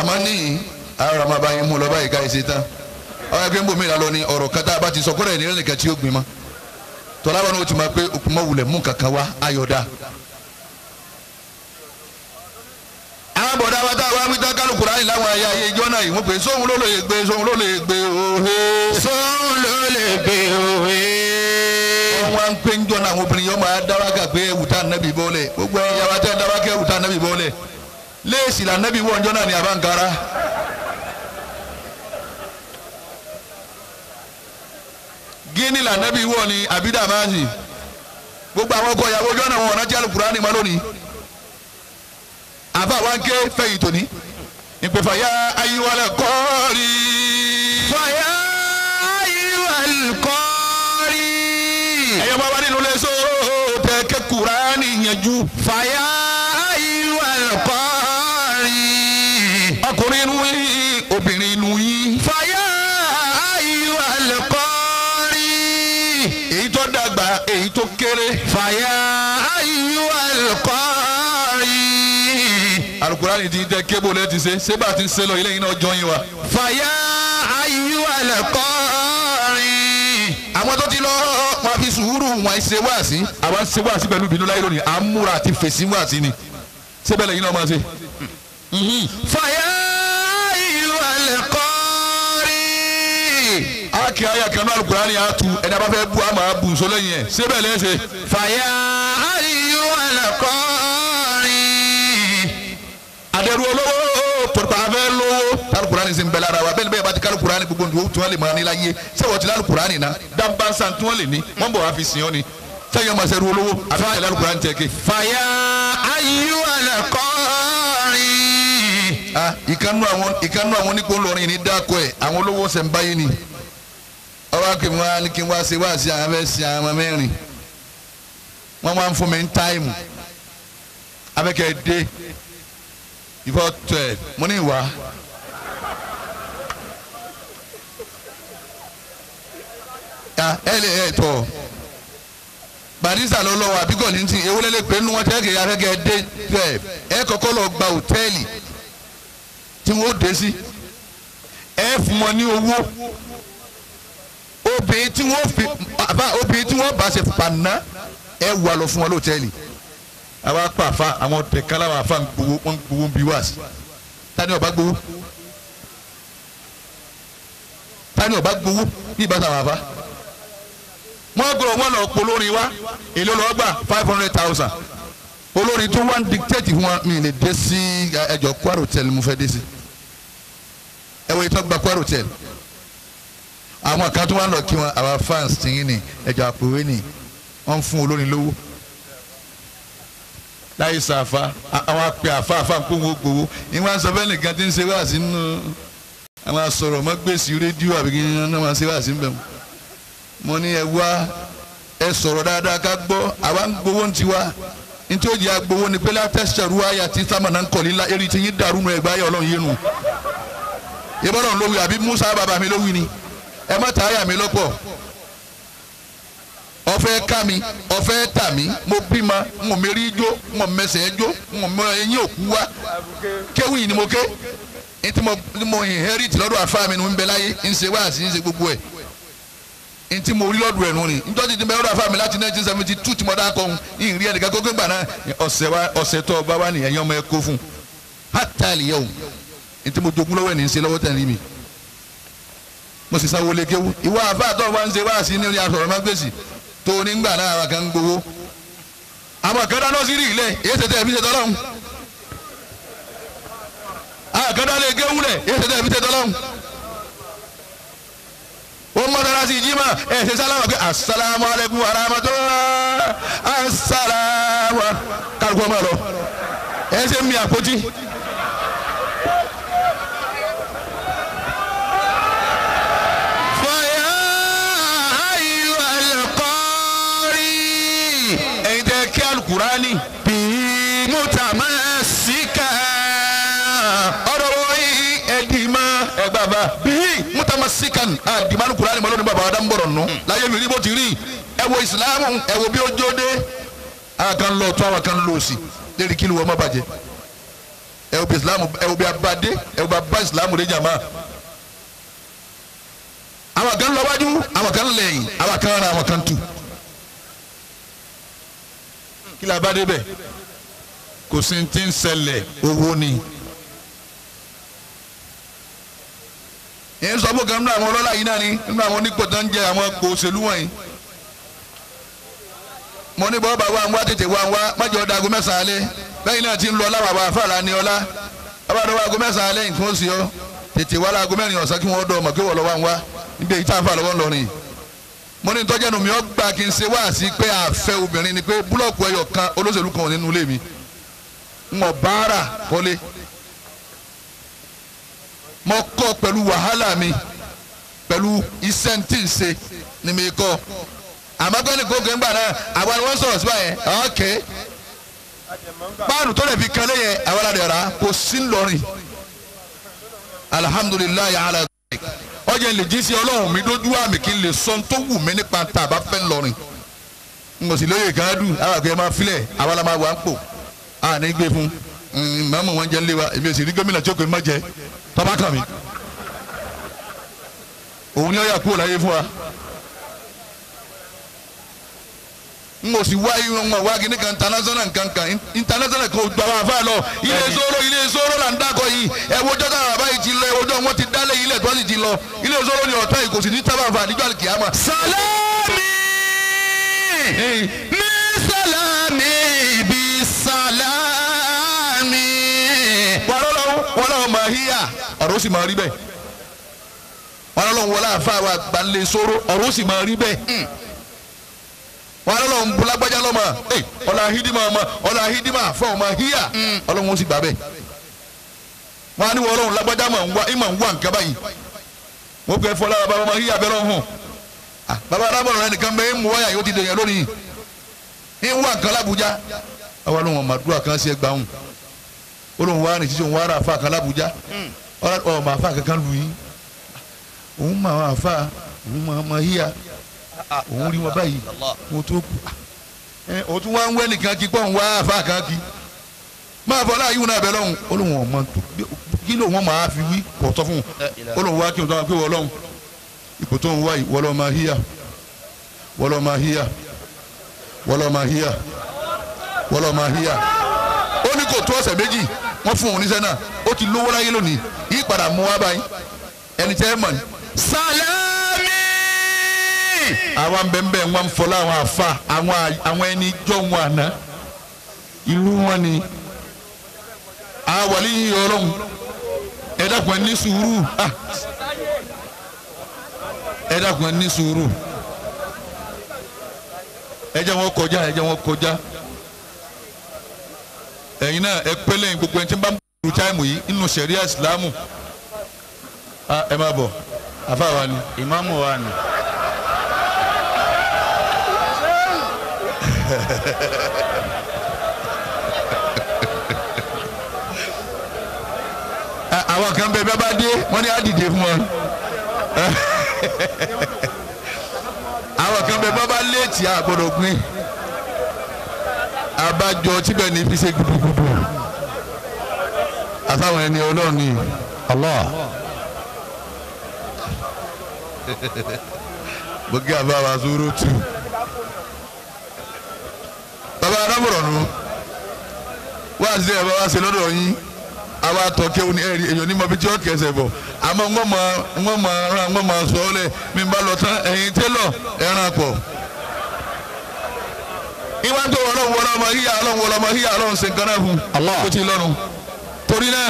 àmọ́ ní àwọn ọmọ bá yín mú lọ báyìí ká tán àwọn ẹgbẹ́ ń bò mí ni ọ̀rọ̀ kátà bá ti sọ kọ́dọ̀ yẹn nìkan tí ó gbin mọ́ tọ́lábà ni o ti máa pé okùnmọ́ wulẹ̀ mú kankan wá ayọ̀dá. arábọ̀dá wa tá wí tán kálukú ráyìn láwọn ẹ̀yà ayé ìjọ náà yìí wọ́n pè sóhun ló lè gbé sóhun ló lè gbé òhe. sóhun ló lè gbé òhe. wọ́n wá ń pé ń jọ́nà àwọn obìnrin yọmọ adáwákà pé ẹ̀wùtá nàbì bọ́ọ̀lẹ̀ gbogbo ẹ̀yà wa tẹ́ adáwákà ẹ̀wùtá nàbì bọ́ọ̀lẹ̀ léèsì là nàbì wọ̀ ń jọ́nà ní àbáǹkárá. gíní lànàbí wọ̀ ni àbí dàmáàsì gbogbo àwọn ọkọ ìyàwó ojú ọ̀nà wọn ọ̀nà jẹ́ alukurani mọ́ lónìí àbá wa ń ké fẹ̀yìn tòní ìpèfàyà ayíwálé kọ́ọ̀rì. fàyà ayíwálé kọ́ọ̀rì. ẹ̀yọ́ bá wà nínú lẹ́sọ̀ọ́ tẹ̀ kẹ́ kurani yanjú. fàyà. yá ayú alukọ́rì. alukurani ti tẹ kébù lẹ ti ṣe sébà ti ṣe lọ ilé yìí náà jọ yín wa. fàyà ayú alukọ́rì. àwọn tó ti lọ wọn fi sùúrù wọn ṣe wáàsí. àwa ṣe wáàsí pẹ̀lú ìbínú láyé lónìí à àti fèsì wáàsí ni sébẹ̀ lẹ́yìn náà máa ṣe. fàyà. a kì í ayà kan ní alukurani yà á tu ẹni a bá fẹ́ bu àmà bu nsọ lẹ́yìn ẹ̀ ṣé bẹ́ẹ̀ lẹ́sẹ̀. fàyà àríyó ẹlẹ́kọ́rin. àdẹ̀rù olówó pọ̀tà fẹ́ lówó alukurani sì ń lára wa bẹ́ẹ̀ ni bẹ́ẹ̀ bá ti kálukurani gbogbo nǹkan tí wọ́n lè máa ní láyé ṣé wọ́n ti lálukurani na dábàánsá tí wọ́n lè ní wọ́n bọ̀ wá fi sìn ọ́ ni sẹ́yìn ọmọ sẹ́rù olówó àfi tẹ̀lé alukurani tẹ̀ ké. fàyà àríyó ẹlẹ́kọ́rin ìkànnú àwọn oníkó ńlọrin ní dáko ẹ àwọn olówó sẹ̀ǹbáyé ni ọba kì mú wa ní kí n wá ṣe wá sí àwọn abẹ́ sí àwọn ọmọ mẹ́rin wọ́n máa ń fún mi ní táìmù abẹ́kẹ́ dé before twelve mo ní ìwà. ẹ lè ẹ tọ̀ barisa ló lọ wà bí gọ̀ọ́nì ti ewúlẹ́lẹ́ pé nu wọn tẹ́ kẹ́ afẹ́kẹ́ dé twelve ẹ kọ́kọ́ lọ gba hòtẹ́ẹ̀lì tí wọ́n dé sí ẹ fún wọn ní owó obìnrin tí wọ́n fi àbá obìnrin tí wọ́n bá ṣe pàná ẹ wà lọ fún wọn lọ́tẹ́ẹ̀lì àwa pa àfa àwọn tẹ̀kálá àwọn àfa wọn gbowó ń bi wá sí tani ọba gbowó tani ọba gbowó bí ìbá sàwọn àfa wọn gbọ́dọ̀ wọn lọ pọ̀ lórí wa èlò lọ́ọ́ gbà five hundred thousand olórí tó wá ń dictate fún wa mi lè dé sí ẹjọ́ Kwara hotel mo fẹ́ dé sí ẹ wọ ìtọ́gba Kwara hotel àwọn kan tó wà lọ kí wọn àwọn fans tìyín ni ẹjọ àpòwé ni wọn ń fún olórin lówó láyé sàfà àwọn apẹ àfààfà kó wọn gbowó ní wọn sọ bẹ́ẹ̀ nìkan tí ń ṣe wáàsí nínú àwọn asọ̀rọ̀ mọ́ gbèsè rédíò àbí kí wọn máa ṣe wáàsí nbẹ mu mo ní ẹ wá ẹ sọ̀rọ̀ dáadáa ká gbọ́ àwa ń gbowó ní tiwa nítorí òjì agbowó ni pé látẹ̀sẹ̀ ruwaya tí sámánà ń kọ̀ líla eré tí yín dàrú nù ẹ̀gbá yẹ ọlọ́run yín nù ìbọ̀dọ̀ lówì àbí Musa bàbá mi lówì ni ẹ má tààyà mi lọ́pọ̀ ọfẹ ká mi ọfẹ tà mí mo bímọ mo mérí jó mo mẹsẹ̀ jó mo mọ eyín òkú wa kéwì ni mo ké ní tí mo inherit lọ́dọ̀ àfa mi ni mo ń bẹ láyé ń ṣe wáàsí ń ṣe gbogbo ẹ̀ ní tí mo rí lọ́dọ̀ ẹ̀nu ni nítorí tí mo lọ́dọ̀ àfa mi láti nineteen seventy two tí mo dá kọ́ ń rí ẹnìkan kókó gbà náà ọ̀sẹ̀ tó ọba wa nìyẹn yọmọ ẹ kó fún un hátàlì yẹ̀wò ní tí mo jogún lọ́wọ́ ẹ̀ ní ń ṣe lọ́wọ́ tẹ̀lé mi mo sì sanwó lé kéwú ìwọ àfáà tó wá ń ṣe wáàsí ní orí asọ̀rọ̀ máa gbèsè tó o ní gbà náà àwọn kan ń gbowó àwọn kan dáná sí rí ilẹ̀ èyí ṣe tẹ̀ fi ṣe tọ́lọ́hún àwọn kan dáná lé kéwú rẹ̀ èyí ṣe tẹ̀ fi ṣe tọ́lọ́hún ó ń mọ́tara sí ìjímọ̀ ẹ̀ ṣe sálámà pé asalaamu aleykum wa rahmatulah asalaamu kálukú ọmọ rọ ẹ ṣe ń mi àpótí. kan àdìmánú kurani mọ́lódún bàbá wa dáńbọ̀rọ̀ nù láyé mi rí bó ti rí ẹ wo ìsìlámù ẹ o bí ó jó dé àwọn kan lọ tó àwọn kan lọ sí lérí kí ni wọ́n má bàjẹ́ ẹ wo bí ìsìlámù ẹ wo bí abadé ẹ wo bí abá ìsìlámù rẹ jàmá àwọn kan lọ wájú àwọn kan lẹ́yìn àwọn kan ra àwọn kan tù kí ni abadé kò sí ti owó ni. ìyẹn sọ fún kan nínú àwọn ọlọ́lá yìí náà ni nínú àwọn onípò tó ń jẹ àwọn kò òṣèlú wọ̀nyí mo ní bọ́ bá wa ń wá tètè wa ń wá májọ dago mẹ́sàn-án lé bẹ́ẹ̀ náà ti ń lọ láwọn àwọn afárá ni ọlá bàbá àdó wago mẹ́sàn-án lé nǹkan oṣù yọ tètè wá láago mẹ́rin ọ̀sán kí wọ́n dọ̀ ọmọ kí wọ́n lọ wá ń wá níbi èyí tá a fà lọ́wọ́ ńlọrin mo ní tọ́jú ẹnu mi ó gbà kí n ṣe wá sí pé àfẹ́ obìnrin ni pé búlọ̀kù ẹyọ kan olóṣèlú kan nínú ilé mi ń wọ̀ báárà kọ́lé mo kọ́ pẹ̀lú wàhálà mi pẹ̀lú iṣẹ́ tí ń ṣe ni mi kọ́ àmọ́ gbẹ́ni gbogbo ńgbà náà àwọn ni wọ́n sọ̀rọ̀ síbà yẹn ọ̀kẹ́ páànù tó lè fi kan léyìn àwọn aládé ọ̀rá kò sí ńlọrin alihamudulilayi ala ọjà lè jí sí ọlọ́run mi lójú àmì kí n lè sọ tó wù mí nípa tá a bá fẹ́ ńlọrin n kò sì lóye gàdú àwọn àgbẹ̀ máa filẹ̀ àwọn alamọ̀ àwọn àpò àní gbé fún màmú wọn jẹ́ ń lé wa èmi ò sì gómìnà tí ó pè má jẹ́ tọ́ba kàn òun ni ó yà kúrò láyé fún wa n kò sì wá irun wọn wá kí kan international nǹkan kan international kan ò gbà wá lọ ilé ìṣòro ilé ìṣòro là ń yìí ẹwọ ọjọ́ tá yìí ti lọ ẹwọ ọjọ́ wọn ti dálé ilé tó sì ti lọ ilé ìṣòro ni ọ̀tá yìí kò sì ní tábà fà níjọ́ àlùkìyàmà. sàlámì. ó sì máa rí bẹ́ẹ̀ wọn lọ́lọ́run wọlé àfa wa gbanlé sóró ọ̀rọ̀ ó sì máa rí bẹ́ẹ̀ hmm. wọn lọ́lọ́run bulagbájá lọ́mọ ọ̀là ahídìmọ̀ ọmọ ọ̀là ahídìmọ̀ àfọ ọmọ híyà hmm. ọlọ́run ó sì gbà bẹ́ẹ̀ wọn á ní wọn lọ́run lágbájá ìmọ̀ ń wà nǹkan báyìí wọn gbé fọlá bàbá ọmọ híyà bẹ́ẹ̀ lọ́hùn bàbá arábọ̀rọ̀ rẹ nìkan bẹ́ẹ̀ mú wáyà yóò ti dèyàn lónìí ọ ma afa kankan lu yín òun ma ma afa òun ma ma híya òun rí wọn báyìí mo tó kù ẹ o tún wá ń wẹ́ nìkan kí pọ́n wá afa kan kí máa fọ láàyè wọn abẹ lọ́hùn olóhùn ọmọ tó kí ló wọn máa fi wí kò tọ́ fún un olóhùn wá kí wọn tó máa pé wọ́n lọ́hùn ipò tó ń wá yìí wọ́n lọ́ máa híya wọ́n lọ́ máa híya wọ́n lọ́ máa híya wọ́n lọ́ máa híya ó ní kò tó ọ̀sẹ̀ méjì. wọ́n fún òun níṣẹ́ náà ó ti lówó láyé lónìí yí padà mú wá báyìí ẹni tẹ́ ẹ mọ̀ sàlámì. àwa bẹ́ẹ̀nbẹ́ẹ̀ wọn ń fọlá àwọn àfa àwọn ẹni jọ wọn àná ìlú wọn ni àwàlí yìí ọlọ́run ẹ dákun ẹ ní sùúrù ẹ dákun ẹ ní sùúrù ẹ jẹ́ wọn kọjá. ẹ̀yin náà ẹ pé lẹ́yìn gbogbo ha tí ń bá ń kúrú yìí nínú sẹ̀ríà ìsìlámù ẹ máa bọ̀ àfa wa ni. ìmáàmù wa ni. àwọn kan bẹ bá dé wọn ni dìde fún wọn àwọn kan bẹ bá bá gbin. abájọ tíbẹ̀ ni fi ṣe gudugudu àtàwọn ẹni ọlọ́run ni Allah. gbogbo àbáwá zoro tù baba arábọ̀rọ̀ nù wá sí ẹ̀ bàbá ṣe lọ́dọ̀ yín àwa tọ́kẹ́ òní ẹ̀rí èyàn ní mọ̀bí tí ó kẹsẹ̀ bọ̀ àmọ́ ń gbọ́ mọ̀ ń gbọ́ mọ̀ ń gbọ́ mọ̀ sọ́ọ́lẹ̀ mi bá lọ tán ẹ̀yin tẹ́lọ̀ ẹ̀ràn pọ̀. ìwà ọlọ́run wọlé ọmọ híyà ọlọ́run wọlé ọmọ híyà ọlọ́run ṣe nǹkan náà kó ti lọ́nu torí náà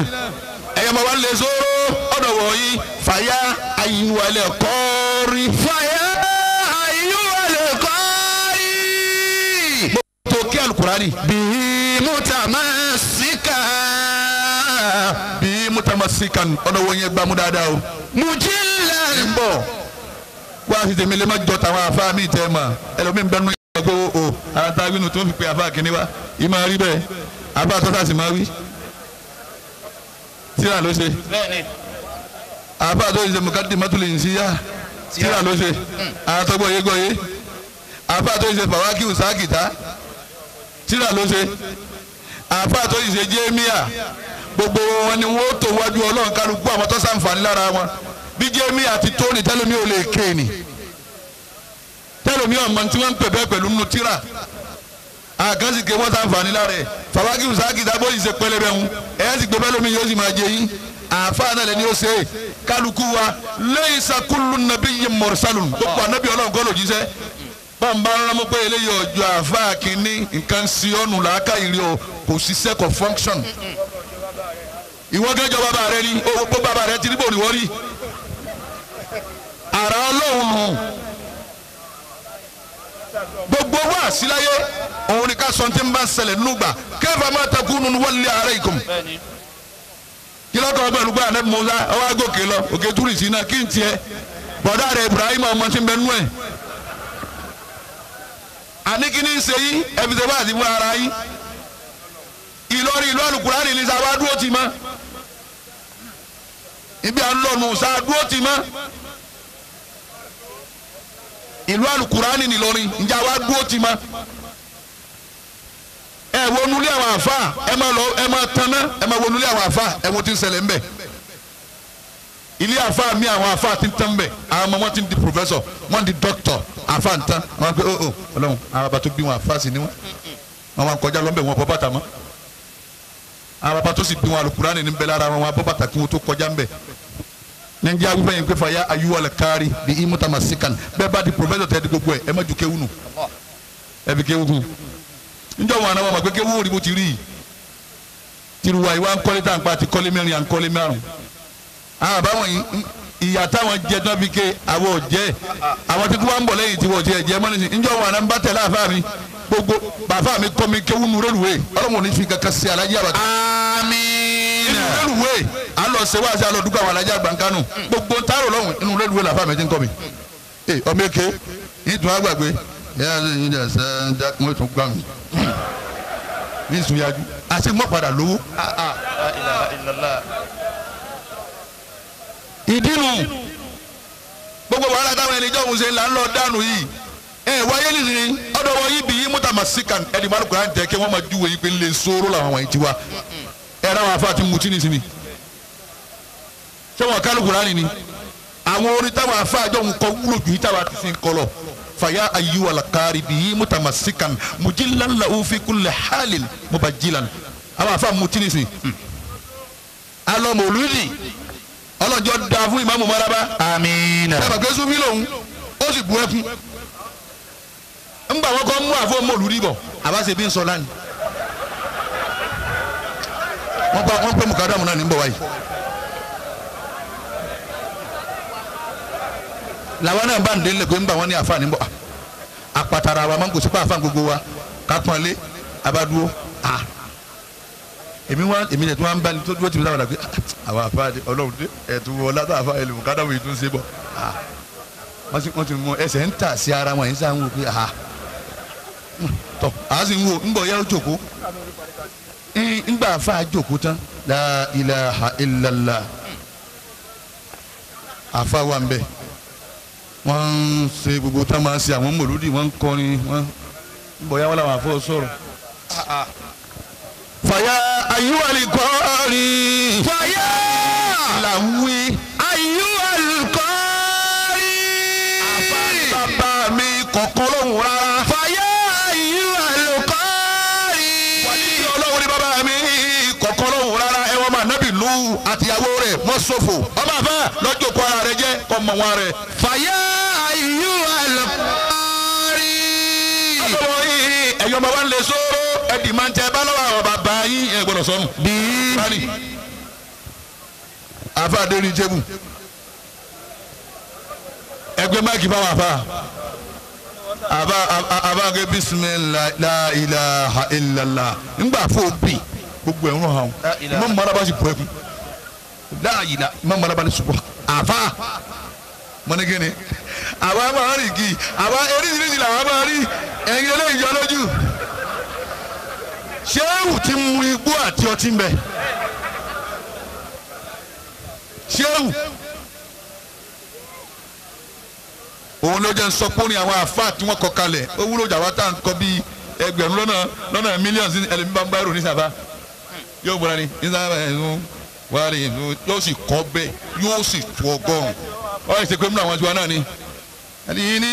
ẹ̀yẹ́ mọ̀ wá lè zóró ọ̀dọ̀ wọ̀nyí fàyà àyìnwálẹ̀ kọ́rí. fàyà àyìnwálẹ̀ kọ́rí. gbogbo tó kí alukurani. bíi mutamasika. bíi mutamasika ọ̀dọ̀ wọ̀nyí gbàmú dáadáa o. mujillan. ń wá sí tèmi lè má jọ tàwọn afá mi tẹ́ ma ẹlòmíín bẹ́ẹ̀ nù ẹgbẹ́ o ara tá a wí nu tó ń fi pe àfa kìíní wa yìí máa rí bẹ́ẹ̀ àfa àtọ́ta sì máa wí tíra ló ṣe àfa àtọ́ ìṣe mọ̀kádì mọ́tòlì ìṣíyà tíra ló ṣe àtọ́gbọ̀ hmm. yé gbọ́ yé àfa àtọ́ ìṣe fàwákì ìṣáàkìtà tíra ló ṣe àfa àtọ́ ìṣe jémíà gbogbo wọn ni wọn ó tó wájú ọlọ́run kálukú àwọn tó sàǹfààní lára wọn bí jémíà ti tó ní tẹ́lómi ò lè kéènì tẹ́lẹ̀ mi ọ̀mọ tí wọ́n ń pè bẹ́ẹ̀ pẹ̀lú nínú tíra àkànṣe ké wọ́n sàǹfààní lára ẹ̀ fàwákì ṣáàkì dábò yìí ṣe pẹ́lẹ́ bẹ́ẹ̀ ń ẹ̀ ẹ́ sì gbé bẹ́ẹ̀ lómi yóò sì máa jẹ yín àáfàá náà lẹ́ni ó ṣe é kálukú wa laysa kullu nabiyyin mursalun gbogbo ànábì ọlọ́run kọ́ lòjíṣẹ́ bàbá ńlá mọ̀ pé eléyìí ọjọ́ àáfàá kìíní nǹkan sí ọ̀nù làákà ìrì o kò ṣiṣẹ́ kò function ìwọ gẹ́jọ́ bàbá rẹ ni owó bàbá rẹ ti rí bò ní wọ́n rí àrà ọlọ́run nù gbogbo wa síláyé òun ni ká sọ ti ń bá ṣẹlẹ̀ nùgbà kẹfà máa takú nínú wọlé ara ikùn kílọ̀kọ̀ ọgbẹ́ olùgbà anabi musa ọwọ́ agòkè lọ òkè túrìsì náà kí n tiẹ̀ bọ̀dá rẹ̀ ibrahim ọmọ tí ń bẹ nú ẹ̀ àníkíní ń ṣe yí ẹ̀fìsẹ̀ wá àti fún ara yín ìlọrin ìlú alukurani ní sábà dúró ti mọ́ ibi à ń lọ ti mọ́ ìlú alukurani nìlọrin ǹjẹ́ àwa dúró ti ma ẹ wo nulẹ̀ àwọn àfa ẹ máa lọ ẹ máa tanná ẹ máa wo nulẹ̀ àwọn àfa ẹ wo ti ń ṣẹlẹ̀ ilé àfa mi àwọn àfa ti tán bẹ̀ àwọn ọmọ wọn ti di professor wọn di doctor àfa ń tán wọn pe oh oh ọlọ́run àwọn bàbá tó bí wọn àfa sí ni wọn wọn wá ń kọjá lọ́nbẹ̀ wọn bọ́ bàtà mọ́ àwọn bàbá sì bí wọn alukurani ní bẹ́ẹ̀ lára wọn wọn bọ́ bàtà kí wọn tó kọjá ńbẹ̀ ní njẹ́ awúfẹ́ yẹn pé fàyà ayúwalẹ̀ kárí bí imuta masikan bẹ́ẹ̀ bá di professor tẹ́ di gbogbo ẹ̀ ẹ má ju kéwù nù ẹ fi kéwù kù njẹ́ wọn àná wọn mọ̀ pé kéwù rí bó ti rí yìí tiruwa ìwà ńkọ́lé tá à ń pa àti kọ́lé mẹ́rin à ń kọ́lé márùn àwọn àbáwọn ìyá táwọn jẹ tán fi ké àwọn ò àwọn tí wọn ń bọ̀ lẹ́yìn tí wọ́n ti mi gbogbo bàfáà mi kọ́ mi kéwù nù rẹ́lùwẹ̀ ọlọ́run ò inú rẹ́lùwé à ń alájà gbàǹkanù gbogbo ń tààrọ̀ lọ́hùn inú rẹ́lùwé làfà mi ń kọ́ mi. Eh, ẹ ọmọ èké ìtún àgbàgbé yàrá yìí dẹ̀ sẹ́ ń dá mo tún gbà mí ní ìsúnyájú àti mọ́ padà lówó. ìdínú gbogbo wàhálà táwọn ẹni jọ́ ṣe là ń lọ dànù yìí ẹ wáyé nìyí ọ̀dọ̀ wọ yìí bí yìí mútàmásíkà ẹni márùkù à ń tẹ ẹ ra àwọn afa ti mutí ní sinmi ṣé wọn kálù kúránì ni àwọn orin táwọn afa àjọ nǹkan wúlò jù yìí táwọn àti sin kọlọ fàyà ayiwala kaari bìí mutamasikan mujilan la ofi kulli halil mubajilan àwọn afa mutí ní sinmi hmm. alọmọlúdi ọlọjọ da fún ìmáàmù maraba amiina sábà gbèsè mi lòun ó sì bu ẹkún ńgbà wọn kọ mú àfọmọlúdi bọ àbá ṣe bí ń sọ lánìí wọ́n pa wọ́n pé mukadamu náà ní bọ̀ wáyé. làwọn náà bá ń délé pé ń bá wọn ní àfa ní bọ̀ àpàtàrà wa máa ń kò sí pa àfa gbogbo wa kápọ̀nlé abádúró à èmi wá èmi nìyẹn tí wọ́n bá ní tó dúró tì mí láwọn àgbẹ̀ àwọn àfa ọlọ́run ẹ̀tún wọlá tó àfa ẹlẹ́mú kádàmù yìí tún ṣe bọ̀ à wọ́n ti wọ́n ti mú ẹsẹ̀ ń tà sí ara wọn ẹ̀ sáà ń wò pé à tọ́ àá sì ń wò ń bọ̀ yá ó jòkó torí ńgbà fa àjòkó tán la ilaha illallah àfa wa ń bẹ ń ṣe gbogbo tá a máa ṣe àwọn mòlúdì wọ́n ń kọrin wọ́n bóyá wọ́n làwọn afọ sọ̀rọ̀. fàyà ayúwàlì fàyà là ń wí. bàbá mi kọ̀ọ̀kan lóhùn rà. sọ̀fò ọba àbá lọ́jọ́ kó ara rẹ jẹ́ kọ́ mọ̀ wọn rẹ. fàyà ayú àlùkọ́rí. ọ̀pọ̀ yìí ẹ̀yọ́ bàbá ń lè sóró ẹ̀dì máa ń tẹ bá lọ́wọ́ àwọn bàbá yín ẹ̀ gbọ́dọ̀ sọ́nù. bíi àfa adérin jébù ẹgbẹ́ máìkì bá wà fà àbá àbá gẹ bisimilahi la ilaha illallah ńgbà fún òbí gbogbo ẹ̀rọ hàn mọ́ mọ́ra bá sì pọ̀ ẹ̀kún láàyè la imam alaba ni sùpọ̀ àfa mọ́nẹ́gẹ́ni àwa máa rìn kì í àwa eríṣiríṣi làwa máa rí ẹ̀yin eléyìí yọ lójú ṣéwù ti mu igbó àti ọtí mbẹ ṣéwù òun ló jẹ́ ń sọ pórin àwọn àfáà tí wọ́n kọ kalẹ̀ ó wúlò jàwá tá à ń kọ bíi ẹgbẹ̀rún lọ́nà lọ́nà mílíọ̀nù sí ẹlẹ́mìí ní sábà yóò gbọ́dọ̀ ní ní sábà ẹ̀hún wàá rí inú yóò sì kọ́ bẹ́ẹ̀ yóò sì tu ọgọ́rùn ọ̀rẹ́ ìṣe pé múlò àwọn tiwa náà ni àdìní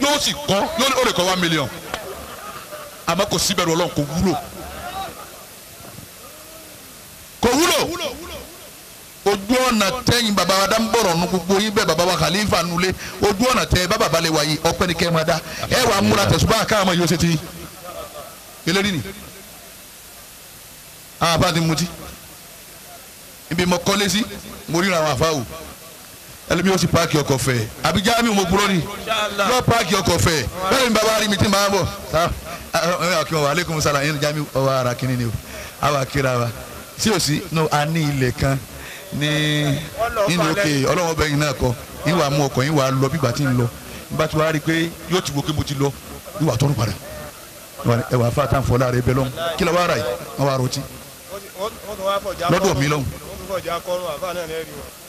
yóò sì kọ́ yóò lè kọ́ one million àmọ́ kò síbẹ̀rù ọlọ́run kò wúlò kò wúlò ojú ọ̀nà tẹ́yìn bàbá wa dáń bọ̀rọ̀ nu gbogbo yín bẹ́ẹ̀ bàbá wa Khalifa nulẹ̀ ojú ọ̀nà tẹ́ bá bàbá lè wáyé ọpẹ́ ni kẹ́ ẹ máa dá ẹ wàá múra tẹ̀sùbá káàmọ́ yóò ṣe ti eléyìí ni àwọn àfa ti mutí ibi mo kọ́lé sí mo ríra àwọn àfa wò ẹlẹ́mi yóò sì páàkì ọkọ̀ fẹ́ àbí jáàmì mo gbúrọ́ ni lọ́ọ́ páàkì ọkọ̀ fẹ́ bẹ́ẹ̀ ni bàbá rí mi tí màá bọ̀ akínwó wa aleykum salaam yẹn jáàmì ọwọ́ ara kínní ni o àwọn akíra wa sí o sí no a ní ilẹ̀ kan ní nínú òkè ọlọ́wọ́n bẹ́yìn náà kọ ìwà mú ọkọ̀ ìwà lọ bí ìgbà tí ń lọ ìgbà tí wàá rí i pé yóò ti wo kébù ti lọ ìwà tọ́nu padà ẹwà fáta lọ́dọ̀ mi lọ́hùn.